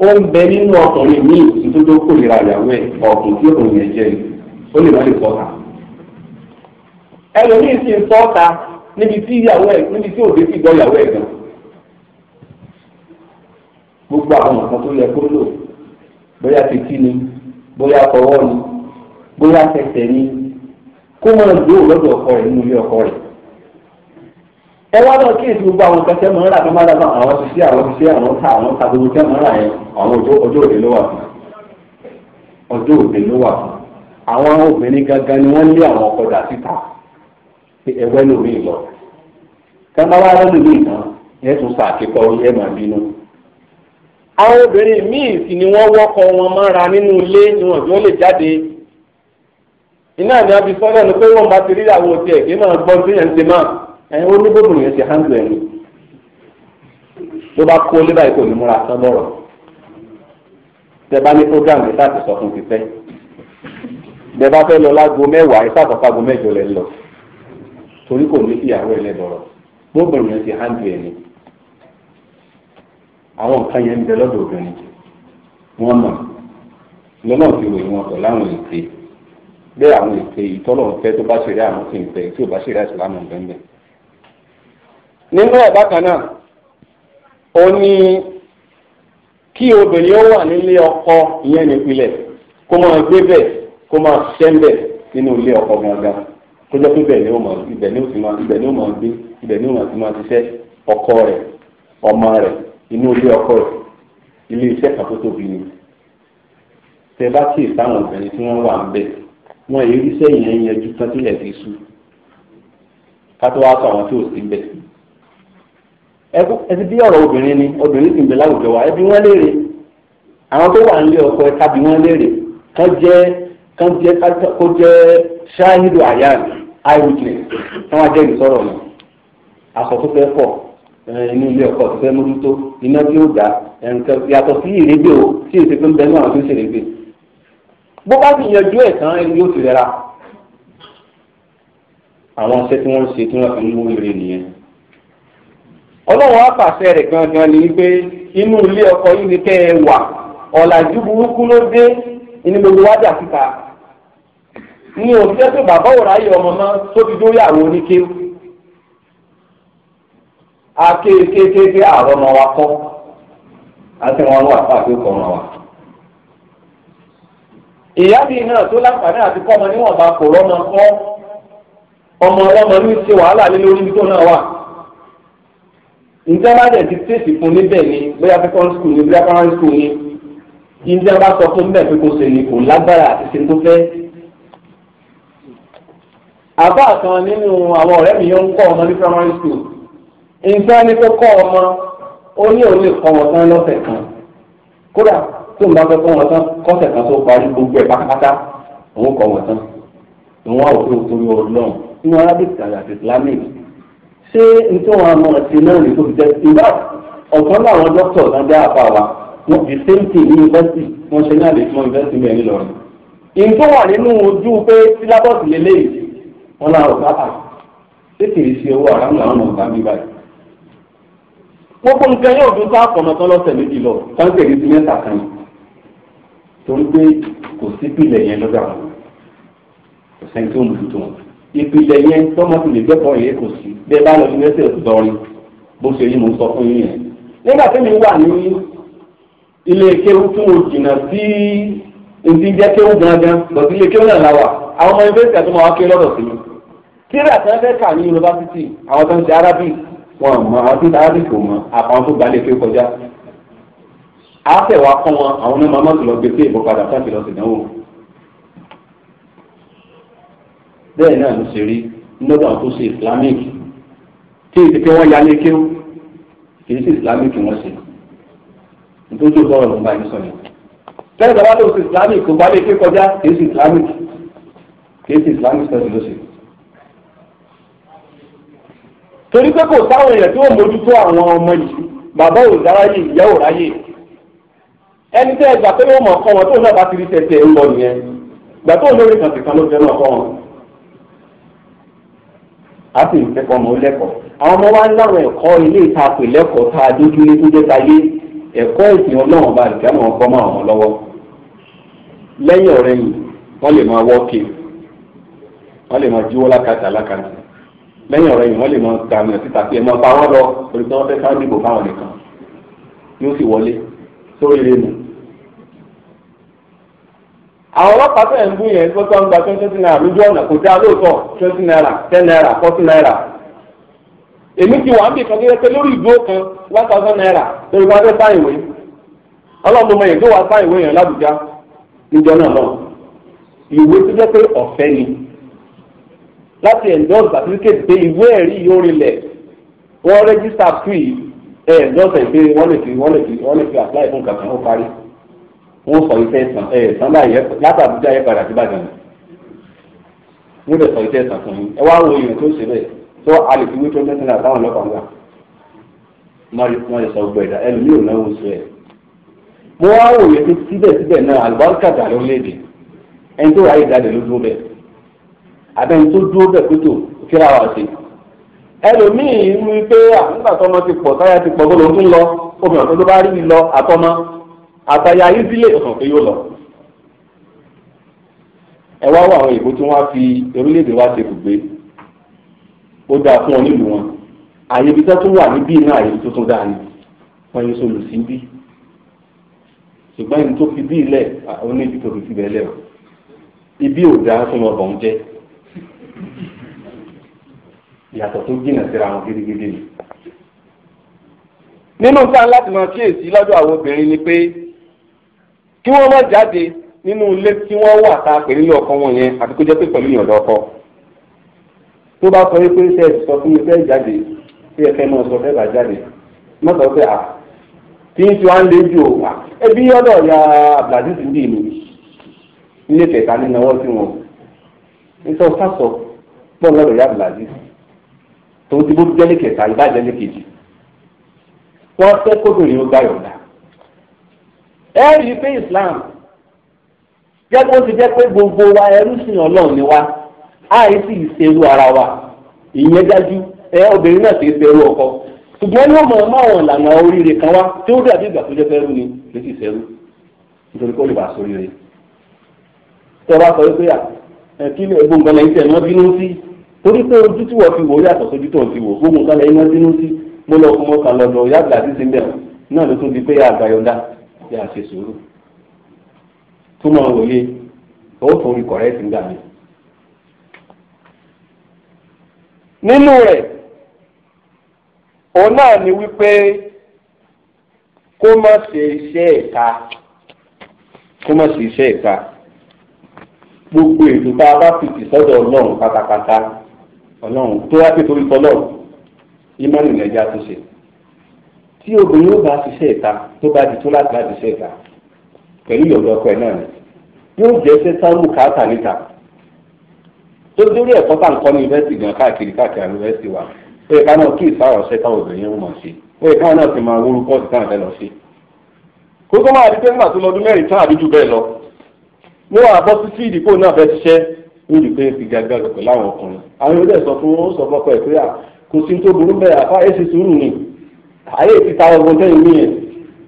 A: ó ń bẹ nínú ọkùnrin míì tuntun tó kórìíra ìyàwó ẹ̀ tí òun yẹn jẹ ó lè má lè sọ́ta. ẹlòmíì sì ń sọ́ta níbi tí ìyàwó níbi tí òde sì gbọ́ ìyàwó gan. gbogbo àwọn nǹkan tó yẹ kó lò bóyá títí ni bóyá fọwọ́ ni bóyá tẹsẹ̀ ni kó máa lò ọkọ rẹ nínú ọkọ rẹ. ẹ wá lọ kí èsì gbogbo àwọn nǹkan tẹ́ tó má dábàá àwọn ti ṣe àwọn ti ṣe àwọn ta àwọn ta gbogbo yẹn àwọn ni wọn lé àwọn ọkọ̀ dà síta ẹ̀wẹ́ lómi lọ kábàbá lọ́dún ní ìtàn ẹ̀ tún sàkíkọ́ ẹ̀ máa bínú àwọn obìnrin míì sì ni wọn ma nínú ilé ile lè jáde iná ni abisọ́lẹ̀ ni pé bá ti rí àwọn òtí kí ẹ ó ní bóbú yẹn ti handle ẹni ló bá kó lébà yìí kò ní múra tán lọ́rọ̀ tẹ bá ní program yìí láti sọ fún ti fẹ́ bẹ bá fẹ́ lọ lágbo mẹ́wàá ìfàkọ́fà gbo mẹ́jọ lẹ lọ torí kò ní ìyàwó ẹ lẹ́dọ̀rọ̀ bóbú yẹn ti handle ẹni àwọn nǹkan yẹn ń bẹ lọ́dọ̀ obìnrin wọ́n mọ̀ lọ́nà tí ròyìn wọn pọ̀ láwọn ète bẹ́ẹ̀ àwọn ète ìtọ́lọ̀ ń fẹ́ tó bá ṣeré àwọn tí ń fẹ́ tí ò bá ṣeré àṣìlámù ń nínú ẹ̀ bákan náà ó ní kí obìnrin ó wà nílé ọkọ ìyẹn nípìnlẹ̀ kó máa gbé bẹ̀ kó máa ṣiṣẹ́ ń bẹ̀ nínú ilé ọkọ gangan tó jẹ́ pé ibẹ̀ ni ó máa ibẹ̀ ni ó ti máa ibẹ̀ ni ó máa gbé ibẹ̀ ni ó máa ti máa ṣiṣẹ́ ọkọ rẹ̀ ọmọ rẹ̀ inú ilé ọkọ rẹ̀ ilé iṣẹ́ kan tóbi ni tẹ bá kí ìsáwọn obìnrin tí wọ́n wà ń bẹ̀ wọ́n èyí iṣẹ́ yẹn yẹn ju tán sílẹ̀ fi sú ká tó wá sọ àwọn tí ò sí bẹ̀ ẹkú ẹtí bí ọ̀rọ̀ obìnrin ni obìnrin sì ń bẹ láwùjọ wa ẹbí wọn léèrè àwọn tó wà nílé ọkọ ẹka bí wọn léèrè kán jẹ kán jẹ kó jẹ ṣááhìdù àyà eyewitness kán wá jẹ́rìí sọ̀rọ̀ mi aṣọ tó fẹ́ pọ̀ inú ilé ọkọ tó fẹ́ mójútó iná tí ó dá nǹkan yàtọ̀ sí ìrégbè o tí èsì tó ń bẹ ní àwọn tó ń ṣèrégbè bó bá ti yanjú ẹ̀ tán ẹni yóò ti rẹra àwọn iṣẹ́ tí wọ́n ṣe tí wọ́n fi ń mú ire nìyẹn ọlọ́run apàṣẹ rẹ̀ gangan ni wípé inú ilé ọkọ yìí ni kẹ́ ẹ wà ọ̀làjú burúkú ló dé inú gbogbo wájà síta ní òṣìṣẹ́ tó bàbá òrà yìí ọmọ náà tó fi dórí àwọn oníkéwù akéékéékéé àárọ̀ náà wá kọ́ àti wọn wà pàṣẹ kọ́ náà wà. ìyá mi náà tó láǹfààní àti kọ́ ọmọ níwọ̀nba kò rọ́mọ kọ́ ọmọ ọlọ́mọ ní ṣe wàhálà lé lórí ibi tó náà wà ìjọba dẹ̀ ti tẹ̀sí fún níbẹ̀ ni bóyá secondary school ni bóyá primary school ni ìjọba sọ fún bẹ́ẹ̀ pé kò ṣe ni kò lágbára àti ṣe tó fẹ́. àbá kan nínú àwọn ọ̀rẹ́ mi yóò ń kọ́ ọmọ ní primary school nǹkan ni kó kọ́ ọmọ ó ní òun lè kọ́ wọn tán lọ́sẹ̀ kan kódà tó ń bá fẹ́ kọ́ wọn tán kọ́sẹ̀ kan tó parí gbogbo ẹ̀ pátápátá òun kọ́ wọn tán ìwọ́n àwòrán torí ọlọ́run nínú arábìkì àti islamic ṣé n tí wọn mọ ẹsẹ náà lè tó fi jẹ ìgbà ọ̀tún làwọn dókítà náà dá àpá wa wọn the same thing ní yunifásitì wọn ṣe ní àdéhùn yunifásitì mẹ́rin lọ́rùn. ìǹtọ́ wà nínú ojú pé sílábọ̀sì lélẹ́yìí wọn làwọn bá a ah, ṣé kì í ṣe owó àràmù làwọn ọ̀gá mi báyìí. wọ́n kó nǹkan yóò dún sáà kọ̀mọ́tán lọ́sẹ̀ méjì lọ sáńtẹ̀ rí sí mẹ́ta kan torí pé kò sí pìlẹ̀ yẹn lọ́dọ̀ kò sẹ́ni tó ń bùtù tó wọn ìpìlẹ̀ yẹn tọ́mọ́tì lè gbẹ́kọ̀ọ́ yẹn kò sí bẹ́ẹ̀ bá lọ sí mẹ́sẹ̀ ìdọ́rin bó ṣe rí mo sọ fún yín yẹn. nígbà tí mi wà ní ilé kéwú tí mo jìnnà sí ibi jẹ́ kéwú gangan lọ́sí ilé kéwú náà la wà àwọn ọmọ ẹgbẹ́ ìsẹ̀tún máa wá ké lọ́dọ̀ sí mi. kíra tí wọ́n fẹ́ kà ní yunifásitì àwọn tó ń ṣe arabic wọn mọ àwọn tó ń ṣe arabic kò mọ àpamọ́ tó gbalẹ̀ kéwú kọjá. àáfẹ̀ wa kọ́ wọn àwọn ọmọ bẹ́ẹ̀ náà ló ṣe rí lọ́dọ̀ àwọn tó ṣe islamic tí èdè pé wọ́n yálé kéwú kì í ṣe islamic wọ́n ṣe nítorí ó bọ̀rọ̀ ló ń bá yín sọ̀rọ̀ tẹ́lẹ̀ bàbá tó ṣe islamic kò bá lè ké kọjá kì í ṣe islamic kì í ṣe islamic study ló ṣe. torí pé kò sáwọn èèyàn tí wọ́n mójútó àwọn ọmọ yìí bàbá ò dára yìí ìyá ò ráyè ẹni tẹ́ ẹ gbà pé yóò mọ̀ ọkọ wọn tó náà bá ti rí tẹ̀tẹ̀ ń lọ nìyẹn gbà tó lórí kan sì kan ló a sì ń kẹ́kọ̀ọ́ ọmọ lẹ́kọ̀ọ́ àwọn ọmọ wa ń láwọn ẹ̀kọ́ ilé ìta pè lẹ́kọ̀ọ́ tá a dójúlé tó jẹ́ tayé ẹ̀kọ́ ìsìn ọlọ́run bá ìkẹ́ àwọn ọkọ máa wọn lọ́wọ́ lẹ́yìn ọ̀rẹ́ yìí wọ́n lè máa wọ́ọ̀kì wọ́n lè máa jíwọ́ lákàtà lákàtà lẹ́yìn ọ̀rẹ́ yìí wọ́n lè máa ta àwọn ẹ̀sìn tàbí ẹ̀ pa wọ́n lọ orí tí wọ́n fẹ́ ká dìbò fáwọn nìkan yóò sì wọlé sórí ilé nù àwọn ọlọ́pàá tẹ̀ ń bú yẹn gbọ́dọ̀ ń gba twenty naira lójú ọ̀nà kò dáa lóòótọ́ twenty naira ten naira forty naira èmi ti wà ń bì kan one thousand naira lórí wọn fẹ́ sáyìn yẹn tó wà sáyìn yẹn lábùjá níjọ náà ni láti endorse certificate pé ìwé ẹ̀rí yóò rinlẹ̀ wọ́n register free ẹ̀ endorse ẹ̀ pé wọ́n lè fi wọ́n lè fi wọ́n lè apply fún ó wọ́n sọ iṣẹ́ ẹ̀sán ẹ̀sán báyìí látà àbújá yẹ padà sí ìbàdàn wọ́n lè sọ iṣẹ́ ẹ̀sán fún yín ẹ wá wo èèyàn tó ṣe bẹ́ẹ̀ tó a lè fi wí tó ń tẹ́tẹ́ náà táwọn ọlọ́pàá ń gbà wọ́n lè sọ gbọ́ ẹ̀dá ẹlòmíì ò náwó sọ ẹ̀. mo wá wò yẹ pé síbẹ̀síbẹ̀ náà àlùbáríkà dà ló léde ẹni tó ráyè jáde ló dúró bẹ́ẹ̀ àbẹ́ni tó dúró bẹ́ẹ̀ pé tó kíra wà sí ẹlòmíì ń wí pé àtúntàtọ́mọ ti pọ̀ táyà ti pọ̀ gbọ́dọ̀ ń lọ omi ọ̀tọ́ tó bá rí lọ àtọ́mọ àtàyà ìsílẹ̀ ọ̀sán pé yóò lọ. ẹ wá wọ àwọn èèbó tí wọ́n á fi orílẹ̀-èdè wa ṣe bùgbé ó dáa fún wọn nílùú wọn àyè ibi tó tún wà níbí náà àyè tó tún dáa ni wọ́n yóò sọ̀rọ̀ sí bí ṣùgbọ́n ẹni tó fi bí ilẹ̀ àwọn oníbi tó fi fi bẹ́ẹ̀ lẹ̀ o ibi ò dáa fún ọbọ̀ ń jẹ́ ìyàtọ̀ tó jìnnà síra wọn gidigidi ni. nínú sáà láti máa kíyèsí lọ́dọ̀ àwọn obìnrin ni pé kí wọ́n má jáde nínú ilé tí wọ́n wà ọkọ wọn yẹn àti kó jẹ́ pé pẹ̀lú ìyọ̀dọ̀ ọkọ tó bá sọ wípé ṣe sọ fún mi fẹ́ jáde sọ fẹ́ bá jáde má sọ pé à tí n fi wá ń lé ju ẹbí ya abdulaziz ń dì mí nílé kẹta ní náwó sí wọn nítorí pọ̀ ya abdulaziz ti bó jẹ́lé kẹta ìbá kejì wọ́n fẹ́ ẹ rí i pé Islam jẹ́ kó ti jẹ́ pé gbogbo wa ẹrú sìn Ọlọ́run ni wa àì sì ṣerú ara wa ìyẹn dájú ẹ obìnrin náà sì ṣerú ọkọ ṣùgbọ́n ní ọmọ ọmọ àwọn ìlànà oríire kan wá tí ó dàbí ìgbà tó jẹ́ fẹ́rú ni lè sì ṣerú nítorí kó lè bá sórí rẹ̀ tọ́ bá sọ pé ẹ kí ni ẹ̀gbọ́n nǹkan lẹ́yìn tẹ̀ náà bínú sí torí pé ojú tí wọ́n fi wò yàtọ̀ sójú tó ń fi wò gbogbo nǹkan lẹ́yìn náà bínú sí mo lọ fún mọ́ta lọ́dọ̀ yàgbà àti sinbẹ̀ náà ló tún di pé yàgbà yọ̀ǹda pé a ṣe sùúrù tó wòye ó tó rí kọ̀rẹ́tì ńgbà mi. nínú rẹ̀ òun náà ni wípé kó má ṣe iṣẹ́ ẹ̀ka kó má ṣe iṣẹ́ ẹ̀ka gbogbo ètò tá a bá fìtì sọ́dọ̀ ọlọ́run pátápátá ọlọ́run tó wá pé torí ìmọ̀ nìyẹn já tí obìnrin yóò bá ṣiṣẹ́ ìta tó bá di tó láti láti ṣiṣẹ́ ìta pẹ̀lú ìyọ̀dọ̀ ọkọ ẹ̀ náà ni yóò jẹ́ ṣe sáwù káàtà níta tó dórí ẹ̀kọ́ tá à ń kọ́ ní yunifásitì gan káàkiri káàkiri yunifásitì wa ó yẹ ká náà kí ìsáwọ̀ ọ̀ṣẹ́ táwọn obìnrin yẹn mọ̀ sí ó yẹ káwọn náà fi máa wúru kọ́ọ̀sì táwọn fẹ́ lọ sí. kókó máa di pé nígbà tó lọ́dún mẹ́rin tán àbíjú bẹ́ẹ̀ lọ níwọ̀n àbọ̀ títí ìdìpò náà fẹ́ ṣiṣẹ́ ó rí i pé fi gàgà pẹ̀lú àwọn ọkùnrin àwọn yóò dẹ̀ sọ fún ó sọ fọ́kọ ẹ̀ pé kò sí tó burú bẹ́ẹ̀ àfa èsì sùúrù ni ayé ti ta ọgbọ́n tẹ́yìn mí yẹn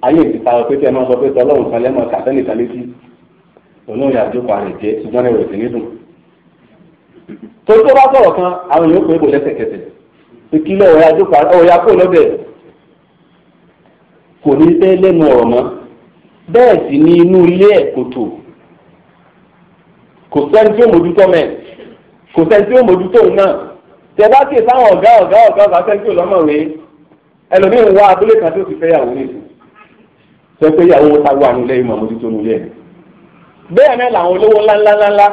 A: ayé ti ta ọgbọ́n tẹ́yìn máa sọ pé tọ́lọ́run kan lẹ́mọ̀ kàtẹ́nì kan létí olóyè àjòkò àrẹ̀ jẹ́ ṣùgbọ́n ẹ̀rọ ìsìn nídùn. tó tó bá sọ̀rọ̀ kan àwọn yòókù egbò lẹ́sẹ̀kẹsẹ̀ ìkílẹ̀ ọ̀rẹ́ àjòkò ọ̀yà kò lọ́bẹ̀ kò ní fẹ́ lẹ́nu ọ̀rọ̀ mọ́ bẹ́ẹ̀ sì ni inú ilé ẹ̀ kòtò kò sẹ́ni tí ó mójútó mẹ́ kò sẹ́ni tí ó mójútó òun náà tẹ bá kè sáwọn ọ̀gá ọ̀gá ọ̀gá ọ̀gá sẹ́ni tí ò lọ́mọ̀wé ẹlòmíín wá abúlé kan tó ti fẹ́ yàwó nìyí sọ pé yàwó wọn ta wà nílẹ̀ ìmọ̀ àmójú tó nílẹ̀ bẹ́ẹ̀ náà làwọn olówó ńláńláńlá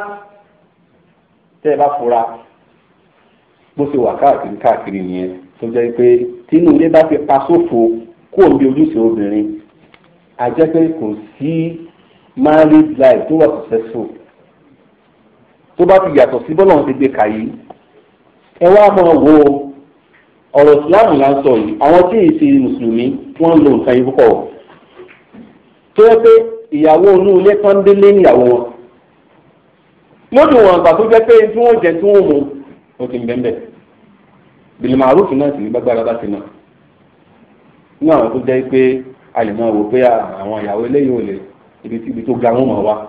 A: tẹ́ ẹ bá fura bó ṣe wà káàkiri káàkiri nìyẹn tó jẹ́ pé tínú ilé bá fi pa sófo kó o bí ojúṣe obìnrin a jẹ́ pé kò sí married life tó wà successful tó bá ti yàtọ̀ sí bọ́lá wọn ti gbé kàyí ẹ wá máa wò ó ọ̀rọ̀ ìsìláàmù là ń sọ yìí àwọn tí èsì mùsùlùmí wọ́n ń lo nǹkan yìí púpọ̀ tó yẹ pé ìyàwó inú ilé kan délé níyàwó wọn lódì wọn àgbà tó jẹ pé tí wọ́n jẹ tí wọ́n mu ó ti ń bẹ́ẹ̀ bẹ́ẹ̀ bìlìmọ̀ àrùfù náà sì ní gbàgbára bá ti nà ní àwọn tó jẹ́ pé a lè máa wò pé àwọn ìyàwó eléyìí ò lè ibi tó ga wọn mọ̀ wá